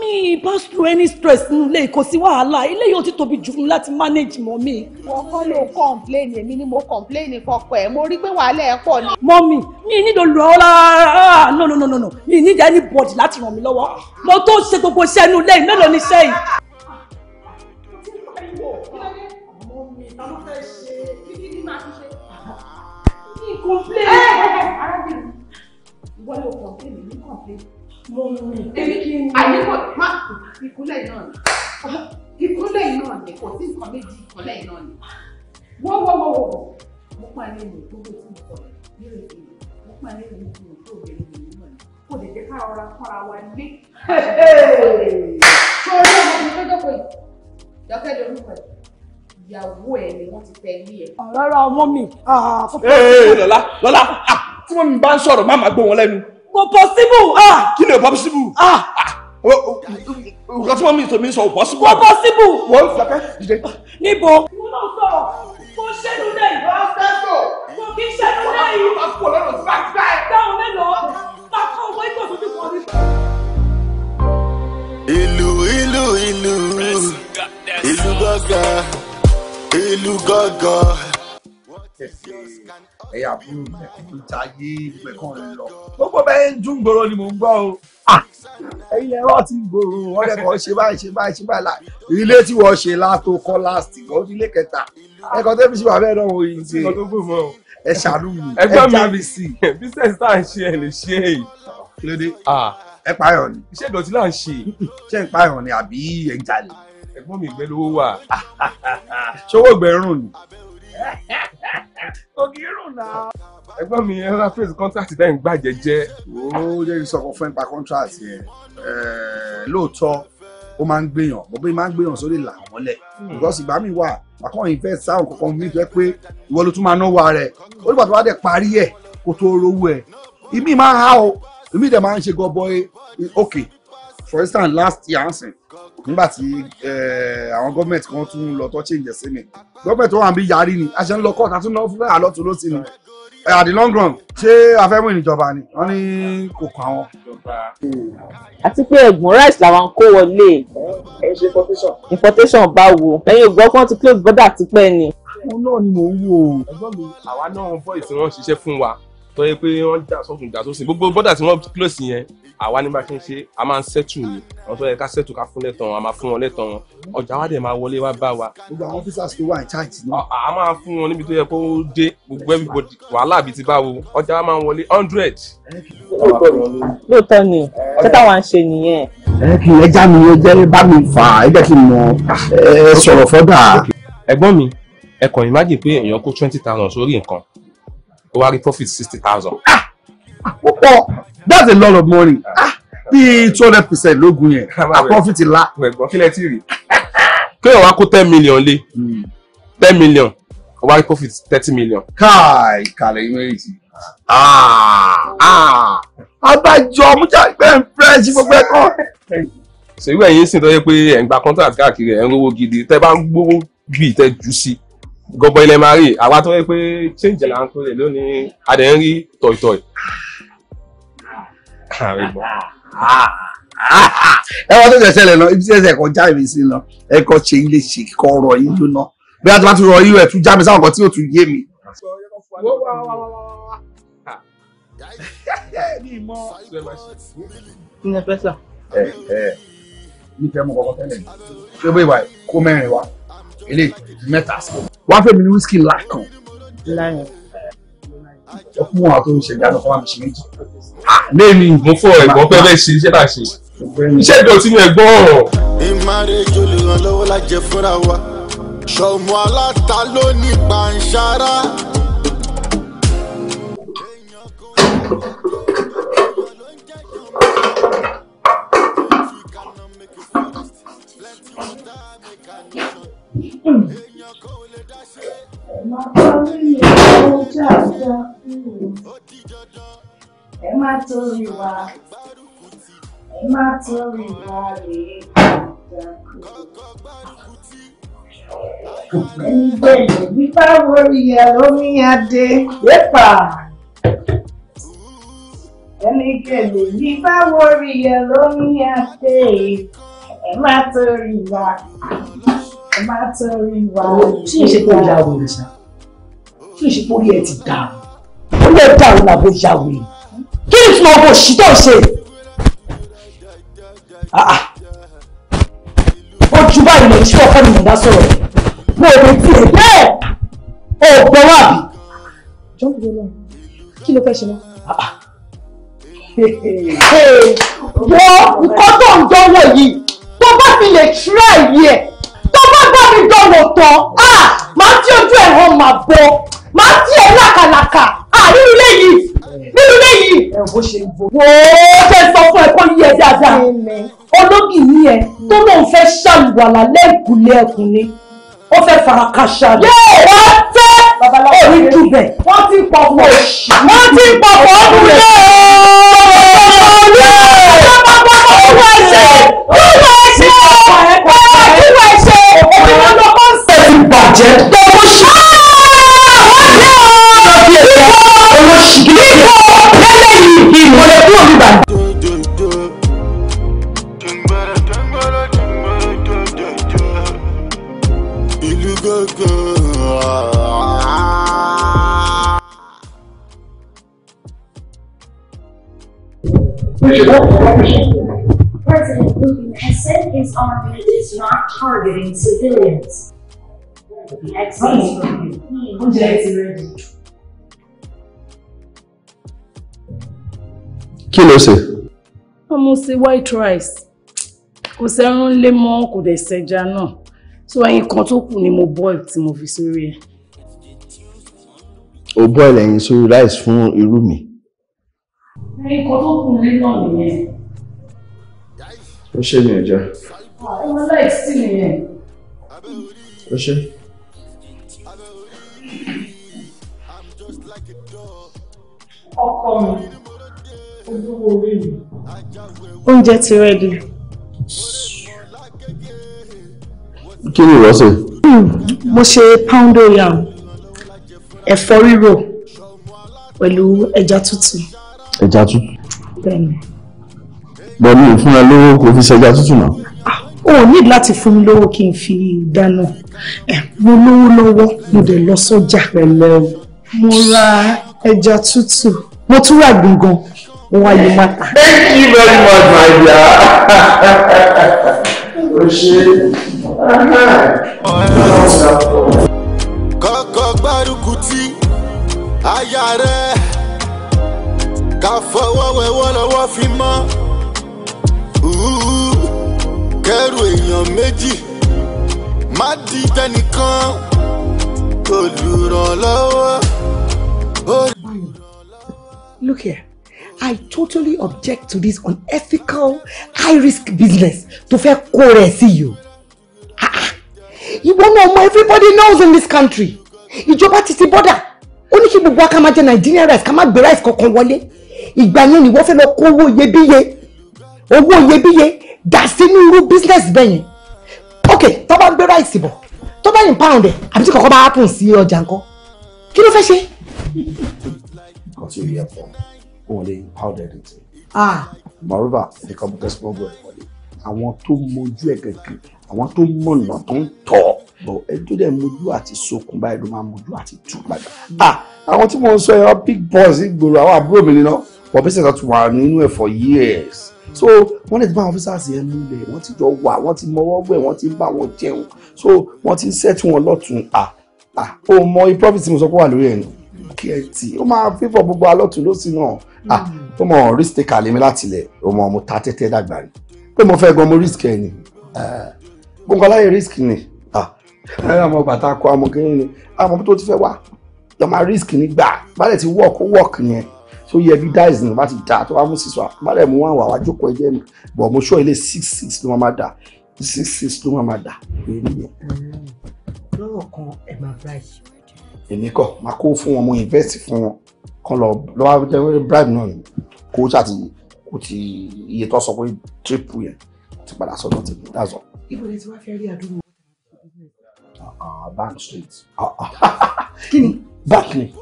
[SPEAKER 3] mi pass through any stress nínú ilé kò sí wàhálà ilé yóò ti tóbi jù fún láti manage mọ́ mi. wọn kọ́ ló complain èmi ni mo complain kọkọ ẹ̀ mo rí pé wàhálà ẹ̀ pọ̀ ni. mọ́mì mi nílò lọ́wọ́ no no no no no mi need anybody láti ràn mí lọ́wọ́ mo tó ṣe gbogbo iṣẹ́ inú ilé yìí mélòó ni iṣẹ́ yìí. mi complain. arábìnrin wọ́n ló kàn pé mi ní kàn pé mo rìn. èmi kì í ní. àyíkò má ìkúnlẹ̀ náà ni ìkúnlẹ̀ náà ni kò sí nǹkan méjì ìkúnlẹ̀ náà ni. wọ́n wọ́n wọ́n wọ́n mo pa ilé mi tó gbèsè ìkọ̀ ní èdè mo pa ilé mi tó tó obìnrin mi nínú ẹ̀ kò lè jẹ́ ká rọra kọ́ra wa lé. sọ̀rọ̀ ọmọkùnrin tó dọ́kọ̀ yìí dọ́kẹ́ dorúkọ yìí ìyàwó ẹ̀ ni wọ́n ti fẹ́ ní ẹ̀. ọ̀rọ̀ ọmọ mi. Ah, lọ́lá
[SPEAKER 2] lọ́lá ah, tí wọ́n mi bá ń sọ̀rọ̀ má máa gbọ́ wọn lẹ́nu.
[SPEAKER 3] kò possible. Ah!
[SPEAKER 2] kí ni ò possible. Ah! Ah!
[SPEAKER 3] nǹkan
[SPEAKER 2] tí wọ́n mi sọ mi sọ ò possible. kò possible. wọ́n ń fẹ́fẹ́ dìde. níbo.
[SPEAKER 3] mo náà sọ̀rọ̀ kó ṣẹ́nu lẹ̀ yìí. wọ́n fẹ́ sọ. kò kí ṣẹ́nu lẹ̀ yìí. wọ́n fọ́ lọ́rọ̀ sí bá dáhùn mélòó bá kọ́ owó ìtọ́jú bí wọ́n rí.
[SPEAKER 1] ìlú ìlú ìlú ìlú gángan ìlú gángan kẹ̀kẹ́ ẹ̀yà
[SPEAKER 2] burúkú ẹ̀kúta yé ìgbẹ̀kan lọ gbogbo bẹ́ẹ̀ ń dún gbòòrò ni mò ń gbọ́ o ẹ̀yin ẹ̀rọ ti gbòòrò wọ́n lẹ́kọ̀ọ́ ṣe báyìí ṣe báyìí ṣe báyìí la ilé tí wọ́n ṣe látó kọ́ láti wọ́n ti lé kẹta ẹ̀kọ́ tẹ́bí ṣe wà bẹ́ẹ̀ náà wọ́n yìí ṣe ẹ ṣàánú mi ẹ já mi sí i business tá à ń ṣe ẹ lè ṣe é yìí. kílódé ẹ payàn ni. iṣẹ́ ìdọ̀tí là ń ṣe. ṣé ń payàn ni àbí ẹ̀ ń jalè. ẹ̀gbọ́n mi ìgbẹ́ lówó wà. *laughs* ṣowó ìgbẹ́ ni. *laughs* Ogirun náà. Ẹgbọ́n mi ẹ rárá fèsì kọ́ńtàtì bẹ́ẹ̀ ń gbàjẹ́ jẹ́. Ó jẹ́ ìsọ̀kan fún ẹ̀pa kọ́ńtàtì yẹn. Lóòótọ́ ó máa ń gbéyàn bọ́bí máa ń gbéyàn sórí ìlà mọ́lẹ̀ hmm. because ìgbà mi wà àkọ́ invest sáwọn kankan mi jẹ́ pé ìwọ ló tún máa náwó rẹ̀ ó nígbà tó bá dẹ̀ parí ẹ̀ kó tó rówó ẹ̀ ìmí máa ń há o ìmí dẹ̀ máa ń ṣe gọbọ ok for instance last year hansen nígbà tí àwọn gọ́ọ̀mẹ̀ntì kan tún lọ tó change ẹ̀sìn mi gọ́ọ̀mẹ̀ntì wọn àbí yarí ni a ṣe ń lọ court a tún lọ fún àlọ́ tó ló sí ni at the long run ṣé afẹ́mú ìjọba ni wọ́n ní kò kàn wọ́n. àti pé ẹ̀gbọ́n rice làwọn kó wọlé importation báwo lẹ́yìn ògbọ́n kan ti close border
[SPEAKER 3] tipẹ́ ni. òun náà ni mò ń wò.
[SPEAKER 2] ẹ̀gbọ́n mi àwa náà voice wọn ṣiṣẹ́ fún wa tó yẹ pé wọ́n jà sọ́tún jà sósì gbogbo bọ́dà tí wọ́n close yẹn àwa ní bá ń ṣe a máa ń settle ni wọ́n tó yẹ ká settle ká fún lẹ́tọ̀ wọn a máa fún wọn lẹ́tọ̀ wọn ọjà wa dẹ̀ máa wọlé wá bá wa. gbogbo àwọn officers tó wà in charge náà. a máa fún wọn níbi tó yẹ kó dé gbogbo everybody wàhálà bíi ti báwo ọjà wa máa ń wọlé hundred.
[SPEAKER 3] lóòótọ́ ni ṣé táwọn ṣe nìyẹn. ẹ
[SPEAKER 2] kì í ẹja mi ẹjẹ bá mi fà á ẹjẹ kí n mọ ẹ sọ̀rọ̀ fọ́dà. ẹ̀gbọ́n mi ẹ kàn imagine pé èèyàn kó twenty thousand sórí nǹkan tó wá profit sixty thousand. Ah! Ah! ó oh, that's a lot of money Ah, ah! two hundred percent lógun yẹn a profit la. kílẹ̀ tí rí. *laughs* kéèyàn wá kó ten million lé hmm. ten million ó wá rí profit thirty million. káì kàlẹ́ ìmẹ̀rìtì. abájọ mucha gbẹ french gbogbo ẹ̀kọ́. ṣèwé ẹ̀yìn sìn tó yẹ pé ẹ̀ ń gba contract káàkiri ẹ̀ ń rówó gidi tẹ́ bá ń gbówó bíi tẹ́ jù sí i gọbọ ilẹ̀ máa rí àwa tó yẹ pé change là ń pè lónìí a ń rí tọ̀ìtọ̀ì. ẹ wá tó ṣẹ̀ṣẹ̀ lẹ lọ ibi tí ẹsẹ ẹkọ já ìbí sí lọ ẹkọ ṣe ilé ṣe kọ ọ̀rọ̀ yìí jóná bí a ti bá tún rọ irú ẹ tún já mi sáwọn kan tí yóò tún yé mi.
[SPEAKER 1] ní ẹ fẹ́ sà. ẹ
[SPEAKER 2] ẹ ní fẹ́ mú kọ́kọ́ tẹ́lẹ̀ ní ṣé bó kó mẹ́rin wá eléyìí mẹ́ta sí. wọ́n fẹ́ mi ní wíṣkì ńlá kan. ọkùnrin wọn àti oṣù
[SPEAKER 1] ìdáná kan wà mí ṣe méjì.
[SPEAKER 2] léèmí mo fọ ẹ̀gbọ́n fẹ́ bẹ́ẹ̀ ṣe iṣẹ́ náà ṣe iṣẹ́ ìdọ̀tí mi ẹ̀gbọ́n ọ̀rọ̀.
[SPEAKER 1] ìmárè jòlè ràn lọ́wọ́ lájẹ fúnra wa ṣọ̀mọ́ aláta ló ní pàǹṣárá.
[SPEAKER 3] Màmá mi ò lọ jáde. Ẹ má torí wa. Ẹ má torí wa rè é ẹni bẹ́ẹ̀ nípa wọrí ẹ lómi adé yépa ẹni gẹ̀lẹ́ nípa wọrí ẹ lómi adé ẹ má torí wa má tọrí wa. ṣé ìṣe pé ìyá wèrè sá ṣé ìṣe pé orí ẹ ti dà ó lè dà ó làbó ìyá wèrè kí ni fún ọmọ òṣì tó ń ṣe. Ah, ah. ó ju báyìí lọ tí ọkọ mi nìyẹn bá sọ̀rọ̀ mo ò lè tiẹ̀ bẹ́ẹ̀ ò gbọ́ wà bí. jọ́ǹgì náà kí ló fẹ́ ṣe mọ́ ah, wọ nǹkan tó ń dánwò yìí tó bá fi lè tíráì yẹ ìdánwò tán máa tí ojú ẹ̀ hàn máa bọ̀ máa tí ẹ̀ lákàlàkà nínú ilé yìí nínú ilé yìí. ẹ bó ṣe ń bọ. wòó ṣe sọ fún ẹ kó yí ẹ dáadáa ológì ní ẹ tó lóun fẹ́ ṣàlùwàlà lẹ́ẹ̀kùnlé ẹkùn ni ó fẹ́ fara kàṣà ni. yóò wá tẹ́ orí
[SPEAKER 1] dùbẹ̀. wọ́n ti pọ̀ pọ̀ wọ́n ti pọ̀ pọ̀ ọdún yẹn o. ọ̀rọ̀ ọ̀rọ̀ ọ̀rọ̀ ọ̀rọ̀ ọ̀rọ̀ ọ̀rọ̀ ọ̀rọ̀
[SPEAKER 3] ọ̀rọ̀ ọ̀rọ̀ ọ̀rọ̀ President Putin has said his army is not targeting civilians. Excellent. Oúnjẹ ti rẹ̀ Kí ló ṣe? Wọ́n mú sí white rice. Kò sẹ́rún lé mọ́, kò dẹ̀ sẹ́ja náà. So ẹyin kan tó kù ni mo boil tí mo fi sórí ẹ̀.
[SPEAKER 2] O boil ẹyin sórí rice fún irú mi.
[SPEAKER 3] Ẹyin kan tó kù ní náà nìyẹn.
[SPEAKER 2] Ó ṣe mi ẹja. Ah,
[SPEAKER 3] Àwọn ọmọ láì sí nìyẹn. Ó ṣe. ọkọ mi ojúwo orí mi. oúnjẹ ti rẹ́dí. kí ni ìwọ ṣe. Hmm, mo ṣe poundo yam ẹ̀fọ́ rírò pẹ̀lú ẹja tútù. ẹja tútù. bẹ́ẹ̀ni.
[SPEAKER 2] bọ́ọ̀lù fún ẹ lówó kò fi ṣẹja tútù náà.
[SPEAKER 3] Ah, o ò ní láti fún mi lówó kí n fi dáná eh, mo lówó lọ́wọ́ mo dẹ̀ lọ sọ́jà. mo ra ẹja tútù mo tún rà gbọ̀ngàn mo wá yé mata. thank
[SPEAKER 2] you very much my dear.
[SPEAKER 1] *laughs* o ṣe kọ́kọ́ gbárùkù tí aya rẹ̀ ká fọwọ́ lọ́wọ́ fi mọ́ kẹrù èèyàn méjì má dìjẹ́ nìkan olùrànlọ́wọ́.
[SPEAKER 3] Look here. I totally object to this unethical, high-risk business to fẹ́ kó rẹ̀ sí yìí o. Ah, ah. Ìwọ náà mọ everybody knows in this country. Ìjọba ti ti bọ́dà. Ó ní kí gbogbo wa ká máa jẹ Nigerian rice ká má gbé rice kankan wọlé. Ìgbà yẹn ni wọ́n fẹ́ lọ kó owó iyebíye. Owó iyebíye dà sínú irú business bẹ́yẹn. Ok, tó bá gbé rice bọ̀, tó bá yìn pound ẹ̀, àbí tí kọ̀ọ̀kan bá happen sí ọjà nǹkan. Kí ló fẹ́ ṣe?
[SPEAKER 1] nǹkan tí ò yẹ pọ̀
[SPEAKER 2] wọn lè how dare they say. ah moreover ẹnìkan mú tẹ́sí gbọ́gbọ́ ẹ̀ wọlé àwọn tó mojú ẹ̀ gẹ̀gẹ̀ àwọn tó mọ̀nà tó ń tọ̀ bọ̀ ẹ tó dẹ̀ mojú àti sokun báyìí ló máa mojú àti tú padà. ah àwọn tí mo ń sọ ẹ big boss gbòòrò àwọn àbúrò mi nínú wọn bẹ́sẹ̀ tó ti wà nínú ẹ̀ for years so wọ́n lè ti bá àwọn officers yẹn múlẹ̀ wọ́n ti jọ wà wọ́n ti mọwọ́ gbẹ̀ wọ́n ti bá wọn jẹun so wọ́n ti ń sẹ́tù wọn lọ́tún à à ó mọ iprofit tí mo sọ pé wà lórí ẹ̀ nù kí ẹ tì ó máa fífọ̀ gbogbo alọ́tún lọ́sìn náà hmm. ah tó mọ̀ risk taker lèmi láti ilẹ̀ o mọ̀ mo ta tẹ́tẹ́ dàgbà ni pé mo fẹ́ gan mo risk ẹ̀ ni eh, gbogbo aláyẹ risk ni ah àmọ́ bàtà kọ àmọ́ kí ni àmọ́ ah, tó ti fẹ́ wá lọ́ máa risk ni gbà bálẹ̀ ti work ó work yẹn tó yẹ bí dice ni wọ́n ti dà tó wá mú six wa bálẹ̀ mú wá wá jókòó ẹjẹ́ mi bọ̀ mo ṣọ́ ilé six six ló máa dà six six ló máa dà lórí yẹn. Hmm.
[SPEAKER 3] lọ́rọ̀ kan ẹ̀ máa bá
[SPEAKER 2] èmi kọ máa kó fún wọn mo invest fún wọn kan lọ lọ́wọ́ jẹ́ bribe náà ni kó ṣàti kó ti iye tó sọ pé triple yẹn ti padà sọ́dọ̀ tèmi dáàzọ.
[SPEAKER 3] ibo ni tí wàá fẹ́ rí àdúgbò. Ah, ah, bank street.
[SPEAKER 2] Ah, *laughs* kí ni. bank ni.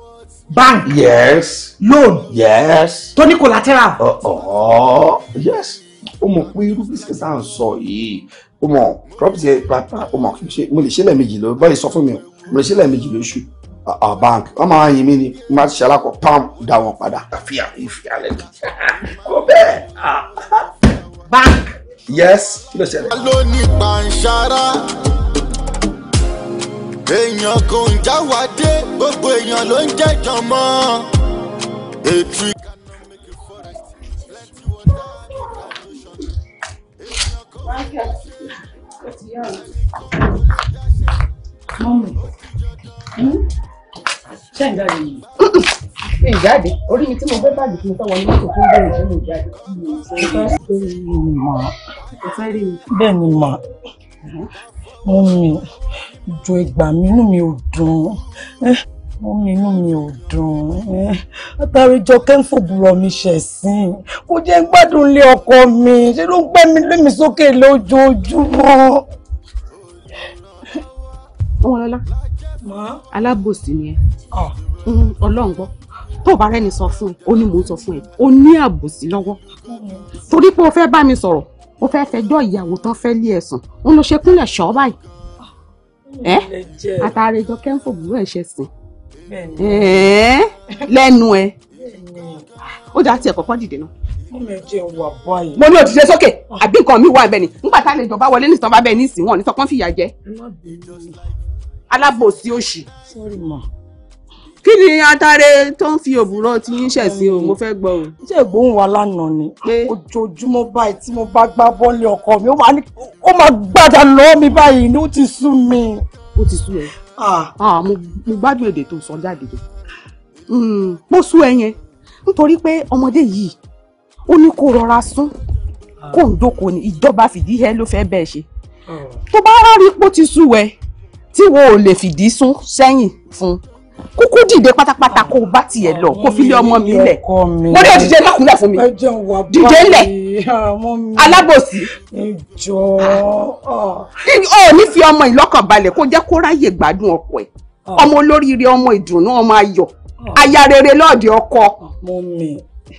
[SPEAKER 2] bank. yes. loan. yes. tó ní collateral. Uh, uh-huh. yes ó mọ̀ pé irú business à ń sọ yìí ó mọ̀ property ẹ̀ pàápàá ó mọ̀ kí n ṣe mo lè ṣe lẹ́ẹ̀mejì lóṣù báyìí sọ fún mi o mo lè ṣe lẹ́ẹ̀mejì lóṣù a ah, ah, bank wọn máa yin mí ni má ti ṣàlàkọ pam dá wọn padà. àfihàn
[SPEAKER 1] ìfihàn lẹ́nu *laughs* kò bẹ́ẹ̀ *laughs* bank. yes kí ló ṣẹlẹ̀. a ló èèyàn kò ń jáwádé gbogbo èèyàn ló ń jẹjọ mọ ètò.
[SPEAKER 3] Mami. Hmm? ṣé ń jáde yìí ṣé ń jáde orí mi tí mo gbé báàgì tí mo fẹ́ wọ ní mọ́tò fún bẹ́ẹ̀ ṣé mo jáde.
[SPEAKER 1] bẹ́ẹ̀
[SPEAKER 3] ni mà mo mi ju ìgbà mi inú mi ò dùn wọ́n mi inú mi ò dùn látàrí jọkẹ́ ń fòbùrọ̀ mi ṣẹ̀sìn kò jẹ́ gbádùn ilé ọkọ mi ṣé ló ń gbẹ́ mi lémi sókè lójoojúmọ́. ọmọlọ́lá alábòsí ni ẹ mm, ọlọ́run gbọ́ tó o bá rẹ́ni sọ fún ẹ ó ní mò ń sọ fún ẹ ó ní àbòsí lọ́wọ́ torí pé o fẹ́ bá mi sọ̀rọ̀ o fẹ́ fẹjọ́ ìyàwó tán fẹ́ lé ẹ̀sùn ń lo ṣe kúnlẹ̀ ṣọ́ báyìí
[SPEAKER 1] ah, ẹ àtàrà
[SPEAKER 3] ìjọ kẹ́ńfò búrú ẹ̀ ṣe sìn lẹ́nu ẹ ó dá tiẹ̀ kọ́kọ́ dìde náà mo ní òtítẹ́ sókè ah. àbí nǹkan mi wà bẹ́ẹ̀ ni nígbà tá a lè jọba wọlé nìsan bá bẹ́ẹ̀ ní ìsìn wọn ní sọ pé fìyà jẹ alábòsí òṣì. sorry ma. kí ni atare tó ń fi òbúrọ̀ tí yín ṣẹ̀ sí o mo fẹ́ gbọ́ o. ṣé ìgbóhùn wa lánàá ni pé ojoojúmọ́ báyìí tí mo bá gbá bọ́ọ̀lì ọkọ mi ó máa gbàdá lọ́wọ́ mi báyìí ni ó ti sú mi. ó ti sú ẹ mo gbádùn èdè tó sọ jáde tó hmm. mo sú ẹ yẹn nítorí pé ọmọdé yìí ó ní kó rọra sún kó ń dóko ni ìjọba fìdí ẹ ló fẹ́ bẹ́ẹ̀ ṣe tó bá rárí pó ti sú ẹ tí wo ò lè fìdí sún sẹ́yìn fún kúkú dìde pátápátá kó o bá tiẹ̀ lọ kó o fi lé ọmọ mi lẹ̀ mo ní òdìjẹ́ lákùnlẹ̀ fún mi dìde lẹ̀ alábòsí. o ní fi ọmọ ìlọ́kànbalẹ̀ kó jẹ́ kó ráyè gbádùn ọkọ ẹ̀ ọmọ olóríire ọmọ ìdùnnú ọmọ ayọ̀ aya rere lọ́ọ̀dẹ̀ ọkọ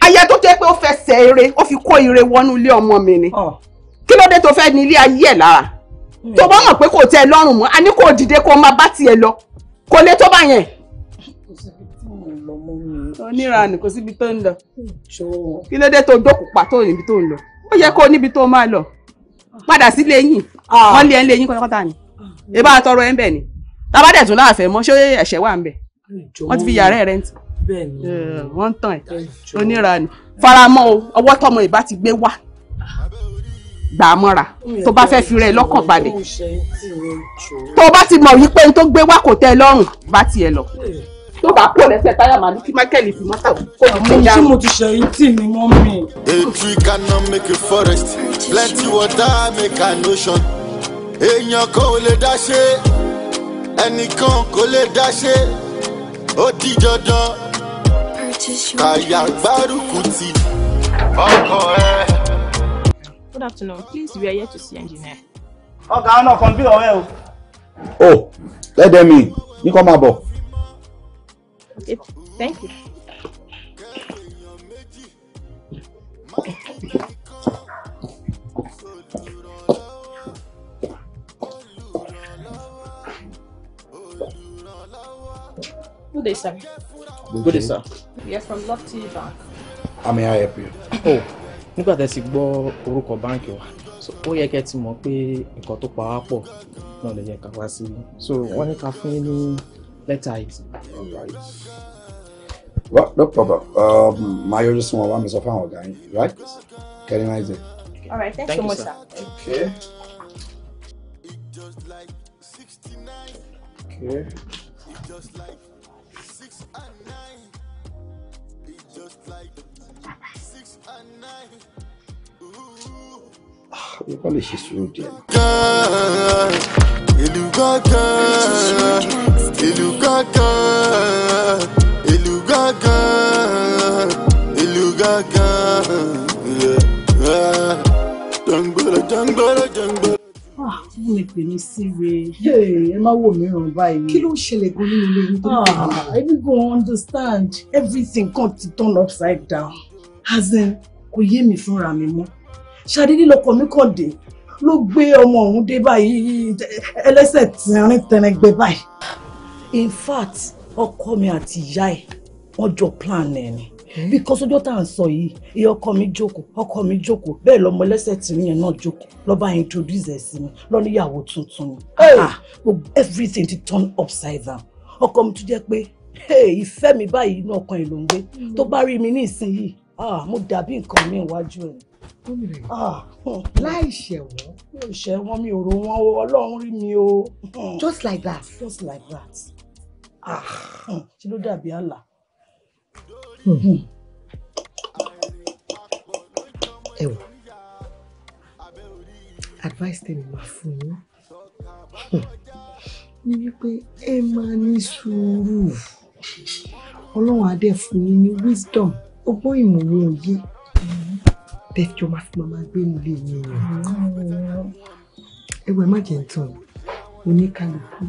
[SPEAKER 3] aya tó jẹ́ pé ó fẹsẹ̀ eré ó fi kó ire wọnú ilé ọmọ mi ni kí ló dé tó fẹ́ ní ilé ayé ẹ̀ lára tó bá mọ̀ pé kò tẹ́ ẹ lọ́rùn mọ́ a ní kò dìde kó máa bá tiẹ̀ lọ kò lè tó bá yẹn. oníranù kò síbi tó ń lọ kí ló dé tó dókùn pàtó níbi tó ń lọ ó yẹ kó níbi tó máa lọ padà sílé yín ah. wọ́n lé ẹ ń lé yín kọ́tàkọ́tà ni ebá ah. tọrọ ẹ ń bẹ̀ ni tábà dẹ̀ tún láàfẹ́ mọ́ ṣé ẹ̀ṣẹ̀ wà ń bẹ̀ wọ́n ti fi yàrá ẹ̀ rẹ́ǹtì eh, wọ́n tàn ẹ̀ oníranù faramọ́ ọwọ́ tọmọ ìbá ti gbé wá gbà á mọ́ra tó bá fẹ́ fi rẹ lọ́kàn balẹ̀ tó bá ti mọ̀ wípé tó gbé wá kò tẹ́ lọ́rùn bá tiẹ̀ lọ hmm. tó bá pọ̀ lẹ́sẹ̀ táyà màálù kí mákẹ́lì fi mọ́tà kó lọ kó dáhùn.
[SPEAKER 1] mo ti ṣẹ̀yìn tí ni wọ́n mi. a tree make a forest plenty water make an ocean èèyàn kan ò lè dá ṣe ẹnìkan kò lè dá ṣe ó di dandan kàyà gbárùkù ti ọkọ ẹ. Good afternoon. Please, we are here to see engineer.
[SPEAKER 2] Ọ̀gá ọ̀nà kan bí ọ̀rẹ́ o. Oh, let them in. You come bọ̀.
[SPEAKER 3] Okay, thank you. Good day, sir. Good day, sir. We are from Lofty Bank.
[SPEAKER 2] How may I help you? Oh nígbà tẹ́ gbọ́ orúkọ báǹkì wa ó yẹ kẹ́ ti mọ̀ pé nǹkan tó pa wá pọ̀ náà lè yẹ ká wá sí i so wọ́n ní ká fún yín ní lẹ́tà yìí. well no problem um, máa yọjú sí wọn wá mi sọ fún àwọn ọ̀gá yín right kẹrin máa jẹ. all right thanks thank so much sir. sir. okay.
[SPEAKER 1] okay. mo kọ́ lè ṣe sùúrù díẹ̀. ìlú gángan ìlú gángan ìlú gángan ìlú gángan jàngbọ́rọ̀ jàngbọ́rọ̀ jàngbọ́rọ̀.
[SPEAKER 3] mo lè pè mí síre. ẹ má wò mí ràn báyìí. kí ló ń gan nínú ilé yìí tó ń ah, I don't go understand everything Got to turn upside down. as kò yé mi fúnra mi mọ́ ṣàdédé lọkọ mi kàn dé ló gbé ọmọ ọ̀hún dé báyìí ẹlẹ́sẹ̀ tẹ̀rín tẹ̀rẹ̀gbẹ́ báyìí in fact ọkọ mi àti ìyá ẹ̀ wọ́n jọ plan ẹ̀ ni because ọjọ́ tá à ń sọ yìí iye ọkọ mi jókòó ọkọ mi jókòó bẹ́ẹ̀ lọmọ ẹlẹ́sẹ̀ tìrín yẹn náà jókòó lọ́ba introduce ẹ̀ sí mi lọ́níyàwó tuntun ni ah, everything ti turn upside down ọkọ mi tún jẹ́ pé ìfẹ́ mi báyìí inú ọkàn ẹ̀ ló ń gbé mm. tó bá rí mi ní ìsinyìí Ah, mo dàbí nǹkan mi iwájú ẹ̀ gómìnà ah, láì ṣẹ̀wọ́n. mi ò ṣẹ̀wọ́n mi ò rò wọ́n o ọlọ́run rí mi o. just like that. just like that. ṣé ah, ló dàbí àlà. Hmm. Hmm. ẹ wò advice tèmi máa fún yín hmm. ni wípé ẹ máa ní sùúrù ọlọ́run á fún yín ní wisdom ọgbọ́n ìmọ̀ye òye tẹ́fí ọmọ fún ọmọ gbé nílé yẹn yẹn ẹwẹ́ má jẹ́ tán oníkálukú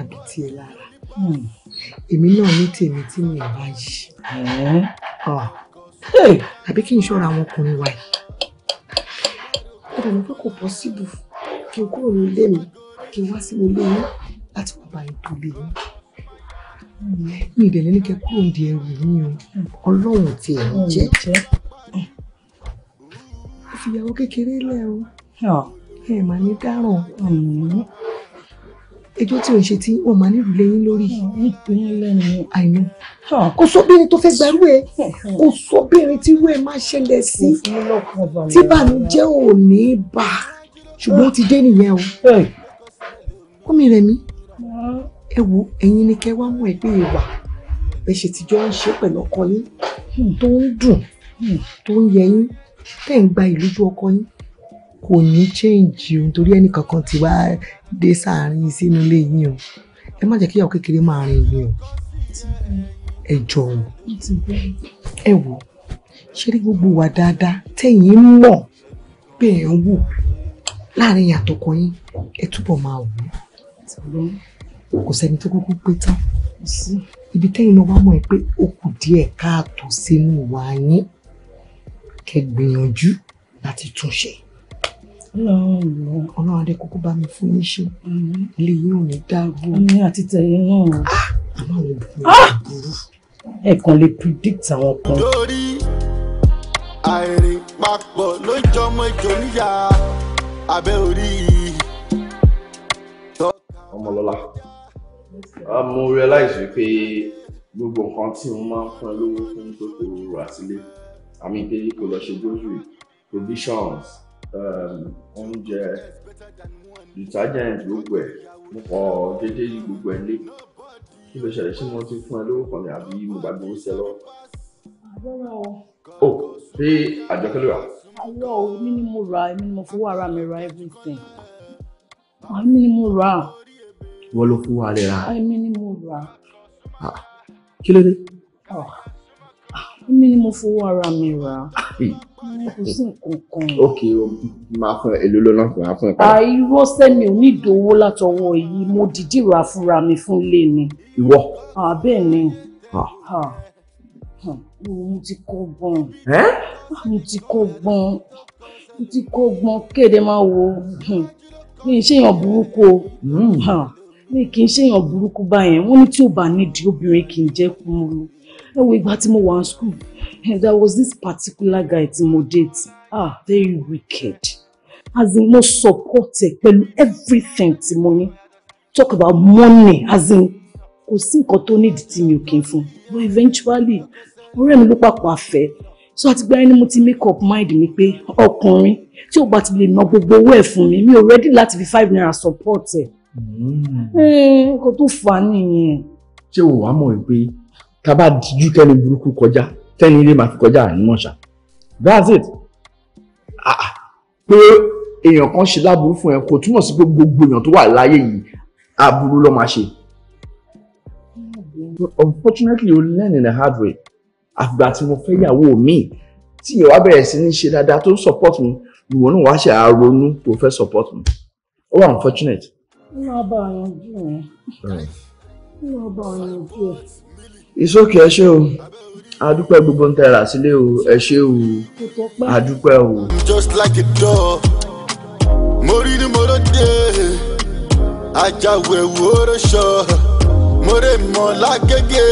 [SPEAKER 3] àbí tiẹ̀ lára hmm. èmi náà ní tèmi tí mi ò bá yìí àbí kí n ṣọ́ra àwọn ọkùnrin wa yìí ó dàbí pé kò pọ́síbù kí n kúrò nílé mi kí n wá sínú ilé yín láti wá bá yín tó lé mi ì dẹ̀lẹ́ ní kẹ́ kúrò ní ẹrù yín o ọlọ́run ti ẹ̀ jẹ́ ó fi ìyàwó kékeré lẹ̀ o ẹ mà ní dáràn ẹjọ́ tí o ń ṣe tí ó máa nílùú lẹ́yìn lórí àìmọ́ kò sóbìnrin tó fẹ́ gbàrú ẹ kò sóbìnrin tí irú ẹ máa ṣẹlẹ̀ sí tí bànújẹ́ ò ní bà ṣùgbọ́n ó ti dé nìyẹn o kọ́mi rẹ̀ mí ẹ wo ẹ̀yin ni kẹ́ wá mọ̀ ẹ́ pé ìwà ẹ ṣe tìjọ́ ń ṣe pẹ̀lú ọkọ yín tó ń dùn tó ń yẹ yín tẹ́ ń gba ìlú ju ọkọ yín kò ní change o nítorí ẹnì kankan ti wá dé sáàrin sínú ilé yín o ẹ má jẹ́ kí ìyàwó kékeré máa rìn ìrìn o ẹ jọ̀ọ́ ẹ wò ṣé rí gbogbo wa dáadáa tẹ̀yin mọ̀ pé ẹ̀ ń wù láàrin àtọkọ yín ẹ túbọ̀ máa wù kò sẹ́ni tó kúkú pé tán ibi tẹ́yìn náà wá mọ̀ ẹ́ pé ó kù díẹ̀ káàtó sínú wa yín kẹ́ gbìyànjú láti tún ọlọ́run adé kúkú bá mi fún yín ṣe ilé yín ò ní dárú. ní àti tẹ̀yìn náà. Ah! àmọ́ àwọn obìnrin ò ah! burú. ẹ kàn lè predict àwọn kan.
[SPEAKER 1] lórí àìrìn papọ̀ ló jọmọ ìjọ níyà abẹ́ orí. ọmọlọ́lá
[SPEAKER 2] mo realize wípé gbogbo nǹkan tí mo máa ń fún ẹ lówó fún tó kò rà sílé àmì pé kò lọ ṣe grocery provisions um, oúnjẹ detergent gbogbo ẹ mo kọ déédéé yí gbogbo ẹ lé kí ló ṣẹlẹ̀ ṣé mo ti fún ẹ lówó kan ní àbí mo gbàgbé owó sí ẹ lọ́wọ́. ó oh, ṣé àjọkẹ́ ló rà.
[SPEAKER 3] àlọ́ èmi ni mo rà èmi ni mo fowó ara mi ra everything èmi ni mo rà
[SPEAKER 2] ìwọ ló fún wa rẹ ra. Ah,
[SPEAKER 3] èmi ni mo rà.
[SPEAKER 2] Ah, kí ló dé.
[SPEAKER 3] Ah, èmi ni mo fowó ara mi rà. Eh. kò sí nǹkan kan.
[SPEAKER 2] ok o máa fún èlò lọ́nà fún wa fún ẹ.
[SPEAKER 3] àìró sẹ́mi ò ní ìdòwó látọwọ́ yìí mo dìdí ra fúnra mi fún ilé mi. ìwọ. bẹ́ẹ̀ ni hmm, mo ti kó gbọ́n mo ti kó gbọ́n mo ti kó gbọ́n kéde máa wo hmm, mi ṣèyàn burúkú o. Hmm mi kì í ṣèyàn burúkú báyẹn wọ́n ní tí ò bá nídìí obìnrin kì í jẹ́ kú lu ẹ wo ìgbà tí mo wà ní school and there was this particular guy tí mo date ah very wicked as in mo support ẹ pẹ̀lú everything tí mo ní talk about money as in kò sí nǹkan tó nídìí tí mi ò kí n fún but eventually ọ̀rẹ́ mi ló pàpà fẹ́ so àtìgbà yẹn ni mo ti make up mind mi pé ọkùnrin tí ò bá ti lè ná gbogbo owó ẹ̀ fún mi mi ò ready láti fi five naira support ẹ̀. Hmm. Hmm, nǹkan tó fà á nìyẹn.
[SPEAKER 2] ṣé o wàá mọ̀ pé tá bá dijú kẹ́ni burúkú kọjá kẹ́ni ilé máa fi kọjá àní mọ̀ that's it ah, pé èèyàn kan ṣe láburú fún ẹ kò túmọ̀ sí pé gbogbo èèyàn tó wà láyé yìí aburú ló máa ṣe. unfortunately you learn in a hard way àfìgbà tí mo fẹ́ yàwó mi tí ìyàwó abẹ́rẹ́ sí ní ṣe dáadáa tó ń support mi ìwọ náà wàá ṣe àronú tó fẹ́ support mi ó wà unfortunate.
[SPEAKER 3] It's okay, bá àyàn jù
[SPEAKER 2] ẹ́. ẹ ṣé o, àdúpẹ́ gbogbo ń tẹ̀ra sílé o, ẹ ṣé o, àdúpẹ́ o.
[SPEAKER 1] Just like a dog, mo rí ni mo ló dé, ajáwé wo ló mo rè mọ́ lágége.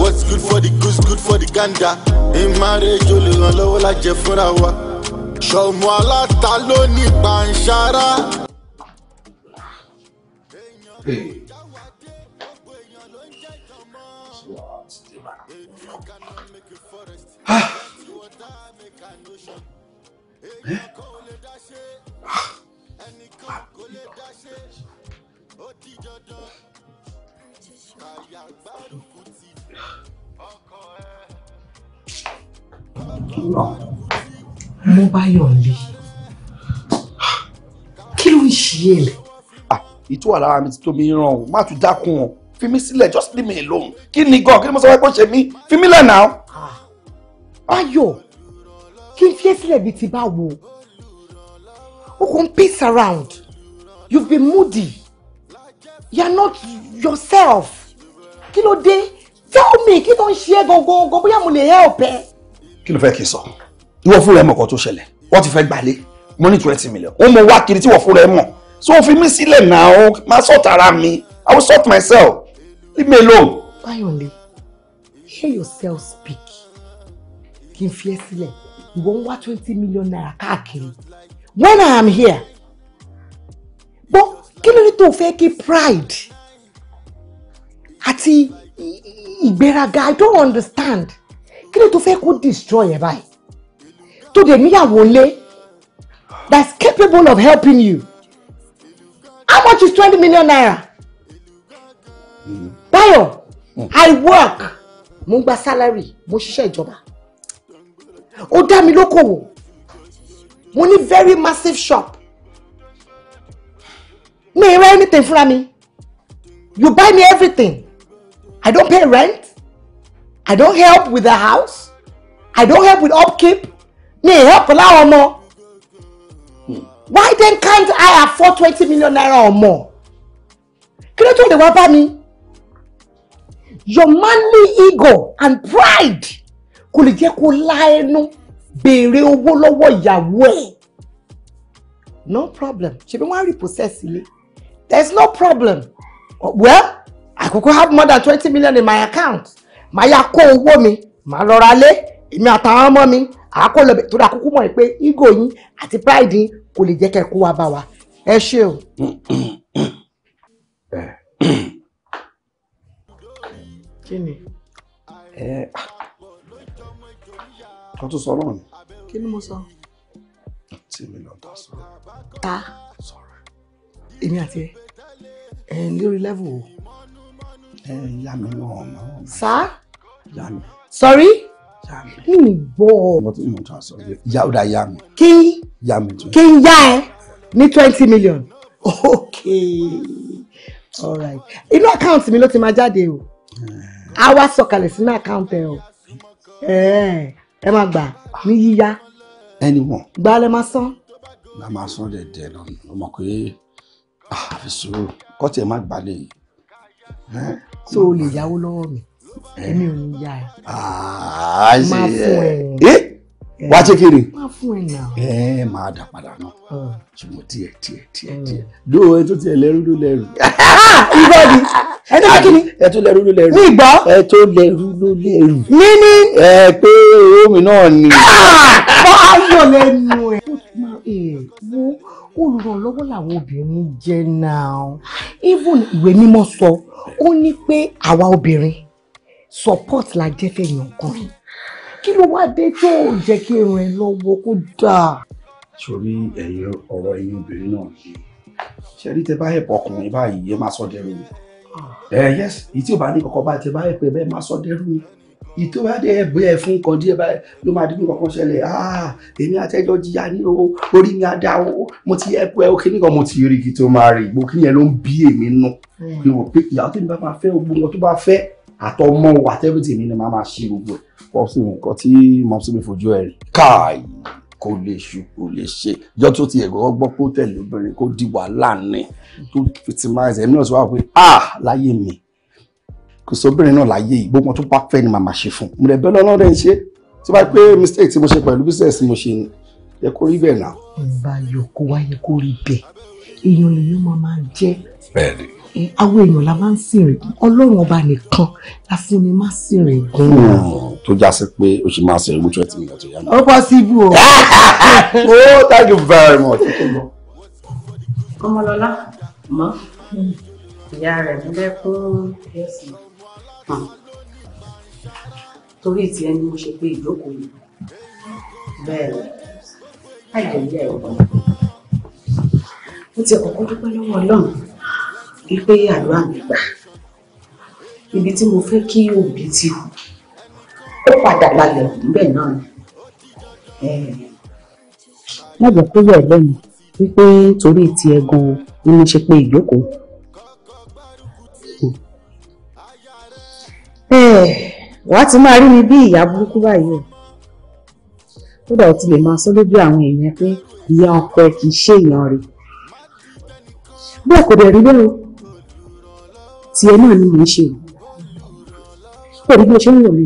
[SPEAKER 1] What's good for the goose, good for the gander. In marriage, lè ràn lọ́wọ́ lájẹ fúnra wa. Ṣọ̀mọ́ aláta ló ní pàǹṣárá pay.
[SPEAKER 3] mo bá yọ̀ ń lé
[SPEAKER 2] kí ló ń ṣe é lẹ́ ìtú wà lára mi ti tómi ràn ọ́ má tún dákun ọ́ fi mí sílẹ̀ just leave me alone kí ni gan kí ni mo sọ pé kó ṣe mí fi mí lẹ̀ náà. Ah.
[SPEAKER 3] ayọ̀ kí n fi ẹ́ sílẹ̀ bíi ti bá wo o kò ń peace around you've been moody you're not yourself kí ló dé tell me kí ló ń ṣe é gangan bóyá mo lè help ẹ.
[SPEAKER 2] kí ló fẹ́ kí n sọ ìwọ fúnra ẹ mọ̀ kan tó ṣẹlẹ̀ wọ́n ti fẹ́ gbalé mo ní twenty million ó mọ wá kiri tí wọ́n fúnra ẹ mọ̀ so fi mí sílẹ̀ náà má sort ara mi i will sort myself
[SPEAKER 3] leave me alone. Báyọ̀lé hear yourself speak kí n fi ẹ́ sílẹ̀ ìwọ ń wá twenty million naira káàkiri when i am here bọ́ kí ló ní tó fẹ́ kí pride àti ìgbéraga i don't understand kí ló tó fẹ́ kó destroy ẹ̀ báyìí tó dé níyàwó lé that's capable of helping you how much is twenty million naira Báyọ̀ hmm. i work mo gba salary mo ṣiṣẹ́ ìjọba ó dá mi lókòwò mo ní very massive shop mi ì rẹ anything fúnra mi you buy me everything i don't pay rent i don't help with the house i don't help with upkeep mi ì help láwọn ọmọ why then can't I afford twenty million naira or more? kí ló tó lè wá bá mi? your manly ego and pride kò lè jẹ́ kó lá ẹnu béèrè owó lọ́wọ́ ìyàwó ẹ̀. no problem ṣebí wọ́n á repossess ilé there's no problem well I àkókò have more than twenty million in my account màá ya kó owó mi màá lọ ra lé èmi àtàwọn ọmọ mi àákò lọ torí àkókò mọ̀ pé ego yín àti pride yín kò lè jẹ́ kẹ́ ẹ kó wá bá wa ẹ ṣé o. *coughs* Eh. kí ni. ẹ eh,
[SPEAKER 2] ọ ah. tún sọ náà ni. kí ni mo sọ. tí mi lọ ta sọ.
[SPEAKER 3] ta. èmi àti ẹ ẹ lórí level o. ẹ eh, yá mi náà mọ. sá. yá mi. sorry kí ni
[SPEAKER 2] bọ́ ọ. ọmọ tí ya ó da ya mi. kí ya mi tún. kí
[SPEAKER 3] n yá ẹ ní twenty million. ok all right inú àkáǹtì mi ló ti máa jáde o a wá sọ̀kalẹ̀ sínú àkáǹtì ẹ o ẹ máa gbà ní yíyá. ẹni wọn. gbalẹ̀ máa san.
[SPEAKER 2] gbalẹ̀ máa san dẹ̀dẹ̀ lọ ọmọ pé ah, àfẹsọ̀rọ̀ kọ́tì ẹ̀ má gbalẹ̀ yìí.
[SPEAKER 3] so o lè yáwó lọ́wọ́ mi èmi ò ní yá ẹ. àá ah,
[SPEAKER 2] ṣe eh. ẹ eh?
[SPEAKER 3] Eh. wá ṣe kiri. má fún ẹ náà. ẹ máa dà padà náà ṣùgbọ́n tiẹ̀
[SPEAKER 2] tiẹ̀ tiẹ̀ tiẹ̀ ló ẹ tó tiẹ̀ lẹ́rú ló lẹ́rú.
[SPEAKER 3] *laughs* ìgbà mi ẹ tó kí ni. ẹ tó lẹ́rú ló lẹ́rú. ní ìgbà.
[SPEAKER 2] ẹ tó lẹ́rú ló lẹ́rú. ní ní. ẹ pé omi
[SPEAKER 3] náà ni. bọ́ ah! ayọ̀ *laughs* lẹ́nu ẹ̀. wo olùrànlọ́wọ́ làwọn obìnrin jẹ́ náà even ìwé mímọ́ sọ ó ní pé àwa obìnrin support la jẹ́ fẹ̀yìn ọkùnrin kí ló wá dé tó jẹ́ kí irun ẹ lọ́wọ́ kó dáa. sórí ẹ̀yin ọ̀rọ̀ ẹ̀yin obìnrin
[SPEAKER 2] náà ni ṣe rí tẹ bá hẹpọ ọkùnrin báyìí ẹ máa sọ dẹrù ni ẹ yẹs ìtí ò bá ní kọkọ báyìí tẹ bá hẹpọ ẹ bẹ́ẹ̀ máa sọ dẹrù ni ìtò bá dé ẹbọ ẹ fún nǹkan díẹ̀ báyìí ló máa dín nǹkan kan ṣẹlẹ̀ ah èmi àtẹjọ jìyà ní o orí mi á dá o mo ti ẹbọ ẹ òkè nìkan mo ti rí kí tó máa rí ìgbó kí yẹn ló ń bí èmi nù ìwò hmm. pé ìyàwó tèmi bá máa fẹ́ gbogbo nǹkan tó bá fẹ́ àtọmọ àtẹ́bìtì mi ni màá máa ṣe gbogbo ẹ̀. pọ́sì mi nǹkan tí mọ́sí mi fojú ẹ̀ rí. káàyè kò lè ṣu kò lè ṣe ìjọ tó ti ẹ̀gbọ́n gbọ́ kó tẹ̀lé obìnrin kó di wàhálà ní tó victimize ẹ̀mí náà sọ wá pé ah láyé mi kò sóbìnrin náà láyé yìí gbogbo tó bá fẹ́ ni màmá ṣe fún un mo lè bẹ́ lọ́nà rẹ̀ ń ṣe tí wọ́n pé mistake tí mo ṣe pẹ̀lú business mo ṣe ni yẹ kó rí bẹ́ẹ̀ náà.
[SPEAKER 3] ìbáyọ̀ kó wáyé kó rí bẹ́ẹ̀ àwọn èèyàn la máa ń sìnrìn ọlọ́run ọba nìkan la fún ni máa sìnrìn gan.
[SPEAKER 2] Hmm, tó já sí pé o ṣì máa sìnrìn wíṣọ tí mi kà tó yá mi.
[SPEAKER 3] o. *laughs*
[SPEAKER 2] oh thank you very much.
[SPEAKER 3] ọmọlọlá mọ ìyá rẹ nílẹ fún ẹsìn torí ìtì ẹni mo ṣe pé ìjókòó yìí bẹ́ẹ̀ ni láì jẹ ìyá ẹ wọ. ó ti ọkọ dúpẹ́ lọ́wọ́ Ọlọ́run wípé àlọ́ àmì gbà ibi tí mo fẹ́ kí òbí ti hù ó padà lálẹ́ níbẹ̀ náà ni. má jẹ́ kó yẹ̀ lẹ́nu wípé torí ti ẹ gan ni mo ṣe pé ìjókòó. wà á ti máa rí mi bí ìyá burúkú báyìí o kódà ó ti lè máa sọ lójú àwọn èèyàn pé ìyá ọkọ ẹ kì í ṣe èèyàn rẹ̀ bẹ́ẹ̀ kò dẹ̀ rí bẹ́ẹ̀ o tiẹ̀ náà ni mò ń ṣe o pẹ̀lú bí o ṣe ń wò mí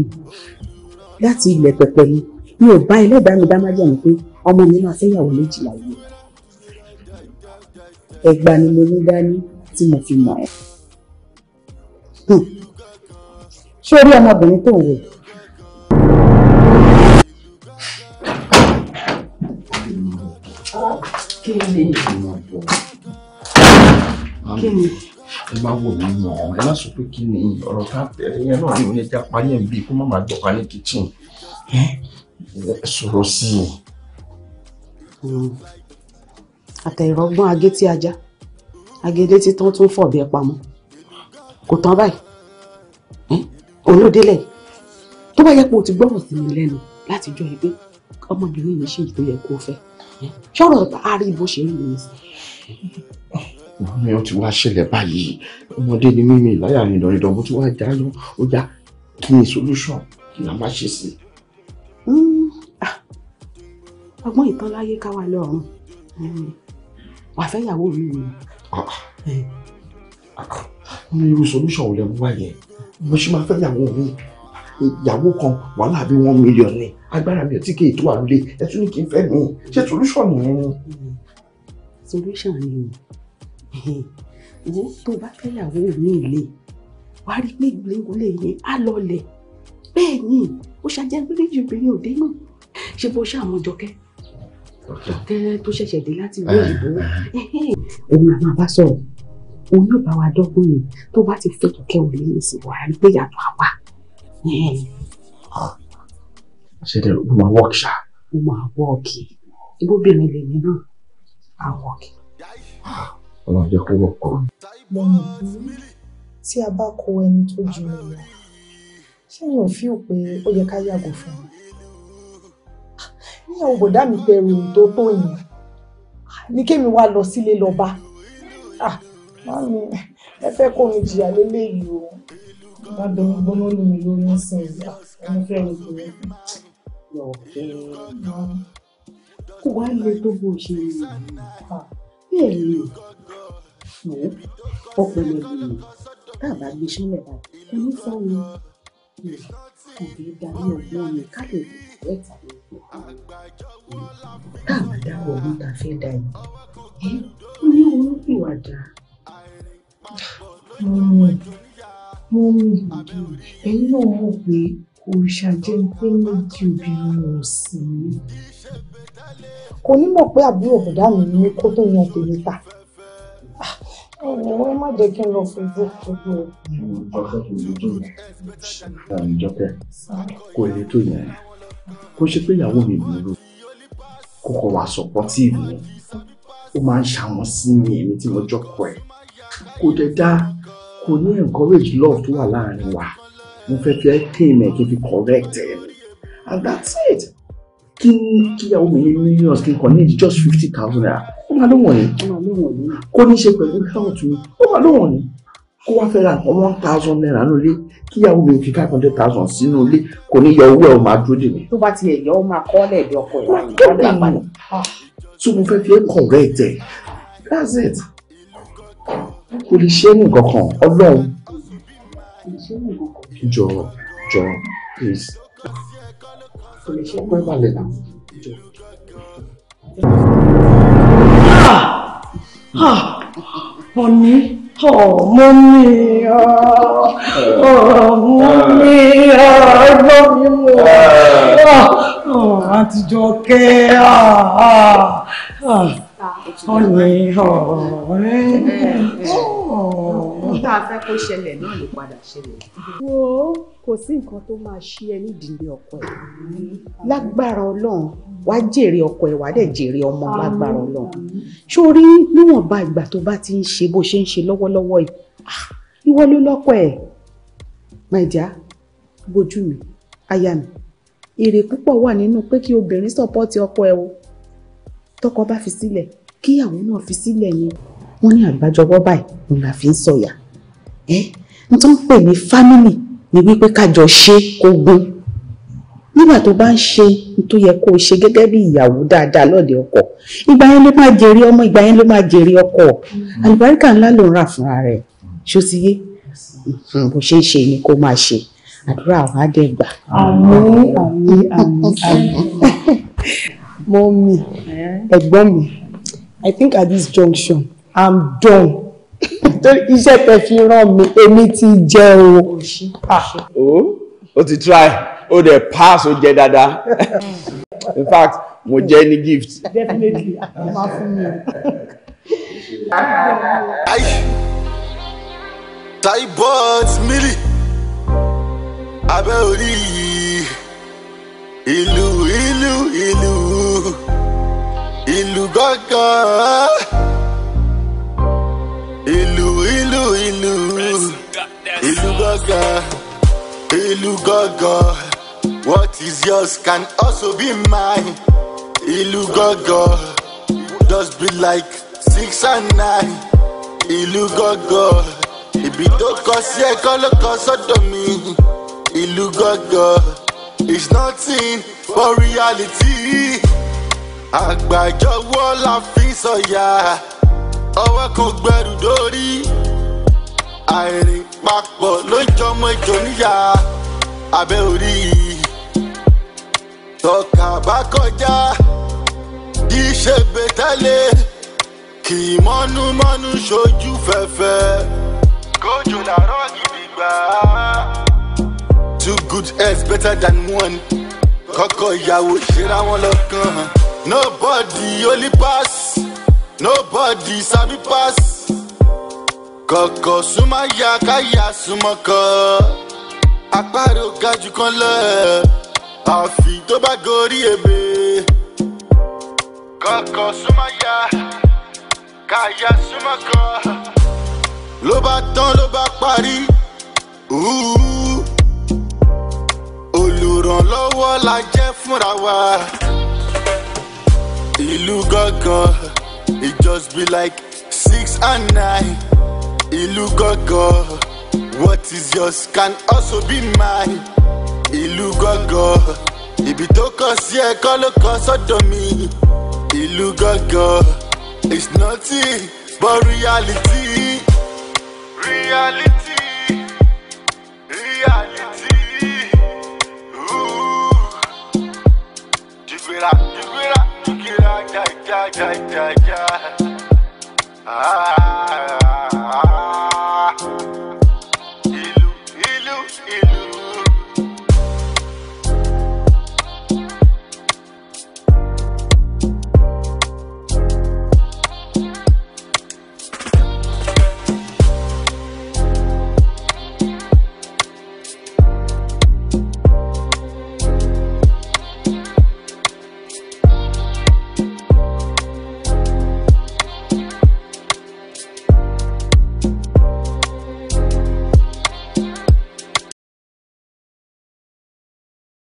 [SPEAKER 3] láti ilẹ̀ pẹ̀pẹ̀ mi mi ò bá ẹlẹ́dàá mi dá má jẹ́ mi pé ọmọ mi máa fẹ́yàwó méjìlá yìí ẹgbà ni mo ní dání tí mo fi mọ̀ ẹ́ hmm. ṣé o rí ọmọbìnrin tó ń wò Kí ni? Kí ni? ẹ má wò mí
[SPEAKER 2] mọ̀ ẹ má sọ pé kí ni ọ̀rọ̀ ká bẹ̀rẹ̀ yẹn náà ni mo yẹ kí a parí ẹ̀ ń bí kó má má gbọ̀ká ní kitchen ẹ sọ̀rọ̀ sí
[SPEAKER 3] i. àtẹ̀rọ̀gbọ́n agétí ajá agédé tí tán tún fọ̀bẹ pamọ́ kò tán báyìí olódélẹ̀ tó bá yẹ pé o ti gbọ́rọ̀ sí mi lẹ́nu láti jọ ẹgbẹ́ ọmọbìnrin yìí ṣe èyí tó yẹ kó fẹ́ ṣọ́rọ̀ ariwo ṣe ń lò ó
[SPEAKER 2] màmí ó ti wá ṣẹlẹ̀ báyìí ọmọdé ni mímí ìláyà ni ìdánidán mo ti wá já lọ ó já kí ni solution kí a má ṣe sí.
[SPEAKER 3] Hmm. Ah, ọgbọ́n ìtàn láyé ká wà lọ́rùn hmm. wà fẹ́ yàwó mi ni. ní
[SPEAKER 2] ah. irú solution ò lè mú wáyé mo ṣe máa fẹ́ yàwó mi ìyàwó kan wàhálà bí one million ni agbára mi ò tí kì í tó wà lóde ẹ tún ní kí n fẹ́ mi ṣe solution nìyẹn ni. Hmm. solution
[SPEAKER 3] ni wo tó bá fẹ́yàwó mi lè wá rí pé ìgbéyàwó lè yẹn á lọlẹ̀ bẹ́ẹ̀ ni ó ṣàjẹ́ méjì obìnrin òde náà ṣe bó ṣàmójọkẹ́ jọkẹ́ tó ṣẹ̀ṣẹ̀ dé láti ìlú
[SPEAKER 1] òyìnbó
[SPEAKER 3] òun là máa bá sọ̀rọ̀ òun yóò bá wa dọ́gbọ́n yìí tó bá ti fẹ́ kẹ̀kẹ́ òun lẹ́yìn sí wàá rí pé yàtọ̀ àwa. ṣe dẹ̀ ló máa wọ́ọ̀kì ṣá. ó máa wọ́ọ̀kì ibóbìnrin lèmi náà
[SPEAKER 2] á ọlọ́run jẹ́ kó wọ́pọ̀.
[SPEAKER 3] lọ́nà bí tí a bá kó ẹni tó ju ìyá ṣé yẹn ò fíò pé ó yẹ ká yàgò fún un níyàwó bòdá mi pé ẹrù tó tó yẹn ní kémi wá lọ sílé lọ ah, mami ẹ fẹ́ kó mi jìyà lélẹ́yìí o. bá dọ̀rọ̀ gbọ́nà lómi lórí ẹsẹ̀ ìyá ẹni fẹ́ mi kò yẹ. kò wá lè tó bó ṣe rí i ah, bẹ́ẹ̀ ni wò ó ọpọlọ ènìyàn tá a bá gbé sílẹ̀ báyìí ẹni fọwọ́ ìdè dání ọgbọ́n mi ká lè lè ẹ̀ta lè pọ̀ tá a bá dá ọ̀run tá a fẹ́ dá yìí ó ní orí ìwàdà mo mú mo mú ìdí ẹ̀yin náà mọ̀ pé òrìṣà jẹ́ pé méjì obìnrin ò sí kò ní mọ̀ pé àbúrò bọ̀dá mi ní kó tó yan tèmi ta. Ọ̀wọ́ má jẹ́ kí n lọ fojú fojú o.
[SPEAKER 1] Ọ̀pọ̀ fojú tó yẹn. Jọ́kẹ́, kò lè tó yẹn. Kó
[SPEAKER 2] ṣe pé ìyàwó mi burú. Kó kọ wà sọ̀pọ́tìfù mi. Ó máa ń ṣàwọn sí mi èmi tí mo jọ́kọ̀ ẹ̀. Kò dẹ̀ kò ní encourage love tó wà láàrin wa. Mo fẹ́ fẹ́ tèmi kí n fi correct ẹ̀. And that's it. Kí kí ìyàwó mi ní millions kí n kàn ní just fifty thousand naira máa ló wọ̀nyí kó ní í ṣe pẹ̀lú health mi ó máa ló wọ̀nyí kó wá fẹ́ ra one thousand naira nínú ilé kíyàwó mi fi five hundred thousand sínú ilé kò ní yọ owó ẹ̀ ó máa dúró dè mí.
[SPEAKER 3] tó bá tiẹ̀ yọ ó máa kọ́ lẹ̀ bí ọkọ ẹ̀ ní
[SPEAKER 2] ọ̀dọ̀ àpàdé. tí mo fẹ́ fi é correct ẹ̀ that's it kò lè ṣe é ní nǹkan kan ọlọ́run jọ jọ please
[SPEAKER 3] kò balẹ̀ náà mọ̀mí ọ̀mọ́ mi ọ̀mọ́ mi ọ̀gbọ́n mi mọ̀ àtijọ́ kẹ́ ah ah ọ̀nì ọ̀rẹ́ ọ̀hún. tá a fẹ́ kó ṣẹlẹ̀ náà ló padà ṣẹlẹ̀. wo kò sí nǹkan tó máa ṣí ẹ nídìílé ọkọ ẹ lágbára Ọlọ́run wá jèrè ọkọ ẹ wá dẹ̀ jèrè ọmọ lágbára Ọlọ́run sórí níwọ̀nba ìgbà tó bá ti ń ṣe bó ṣe ń ṣe lọ́wọ́lọ́wọ́ yìí ah, ìwọ ló lọ́kọ ẹ mẹjà bójú mi aya mi èrè púpọ̀ wà nínú pé kí obìnrin sọpọ́ọ̀tì ọkọ ẹ o tọkọ bá fi sílẹ̀ kíyàwó náà fi sílẹ̀ ni wọ́n ní àgbájọwọ́ báyìí òun là fi ń sọ̀yà ẹ́ n tó ń pè ní fámìlì ni wípé kájọ ṣe kó gún nígbà tó bá ń ṣe n tó yẹ kó ṣe gẹ́gẹ́ bí ìyàwó dáadáa lọ́ọ̀dẹ ọkọ ìgbà yẹn ló máa jèrè ọmọ ìgbà yẹn ló máa jèrè ọkọ àlùbáríkà ńlá ló ń rà fúnra rẹ̀ ṣó ti yé bó ṣe ń ṣe ni kó máa ṣe àdúrà àwọn dẹ̀ gbà. àmín àmín àmín àmín. Mommy, eh? ẹ̀gbọ́n mi i think at this junction i'm done *laughs* torí iṣẹ́ tẹ fi rán mi èmi ti jẹ́
[SPEAKER 2] ah. o. o ti try o dẹ̀ pass o jẹ dáadáa *laughs* in fact mo jẹ ní gift.
[SPEAKER 1] definitely a máa fún mi Taibot Millie abẹ́ orí yìí ìlú ìlú ìlú ìlú gángan ìlú ìlú ìlú ìlú gángan ìlú gángan what is yours can also be mine ìlú gángan just be like six and nine ìlú gángan ibi tó kọ sí ẹ̀kọ́ ló kọ sọ́dọ̀ mi ìlú gángan is nothing but reality. àgbàjọwọ́ la fi sọ̀yà ọwọ́ kan gbẹrù dórí. àìrìn papọ̀ ló jọmọ ìjọ níyà abẹ́ orí. tọ́ka bá kọjá kì í ṣe bẹ́tẹ́lẹ̀ kì í mọ́nú mọ́nú ṣojú fẹ́fẹ́. kójú làárọ̀ gidi gbà á two good heads better than one kọ́kọ́ ìyàwó ṣera wọn lọ́kàn hàn nobody only pass nobody sabi pass kọ̀kọ̀ súnmọ́ ya káyà súnmọ́ kọ́ àparò ga jù kan lọ àfi tó bá gorí ebè kọ̀kọ̀ súnmọ́ ya káyà súnmọ́ kọ́ ló bá tán ló bá parí. Ooh olùrànlọ́wọ́ la jẹ́ fúnra wa ìlú gangan it just be like six and nine ìlú gangan what is yours can also be mine ìlú gangan ibi tó kàn sí ẹ kọ́ ló kàn sọ́dọ̀ mi ìlú gangan it's nothing but reality reality reality. verá, verá, tú quieras, ya, ya, ya, Ah.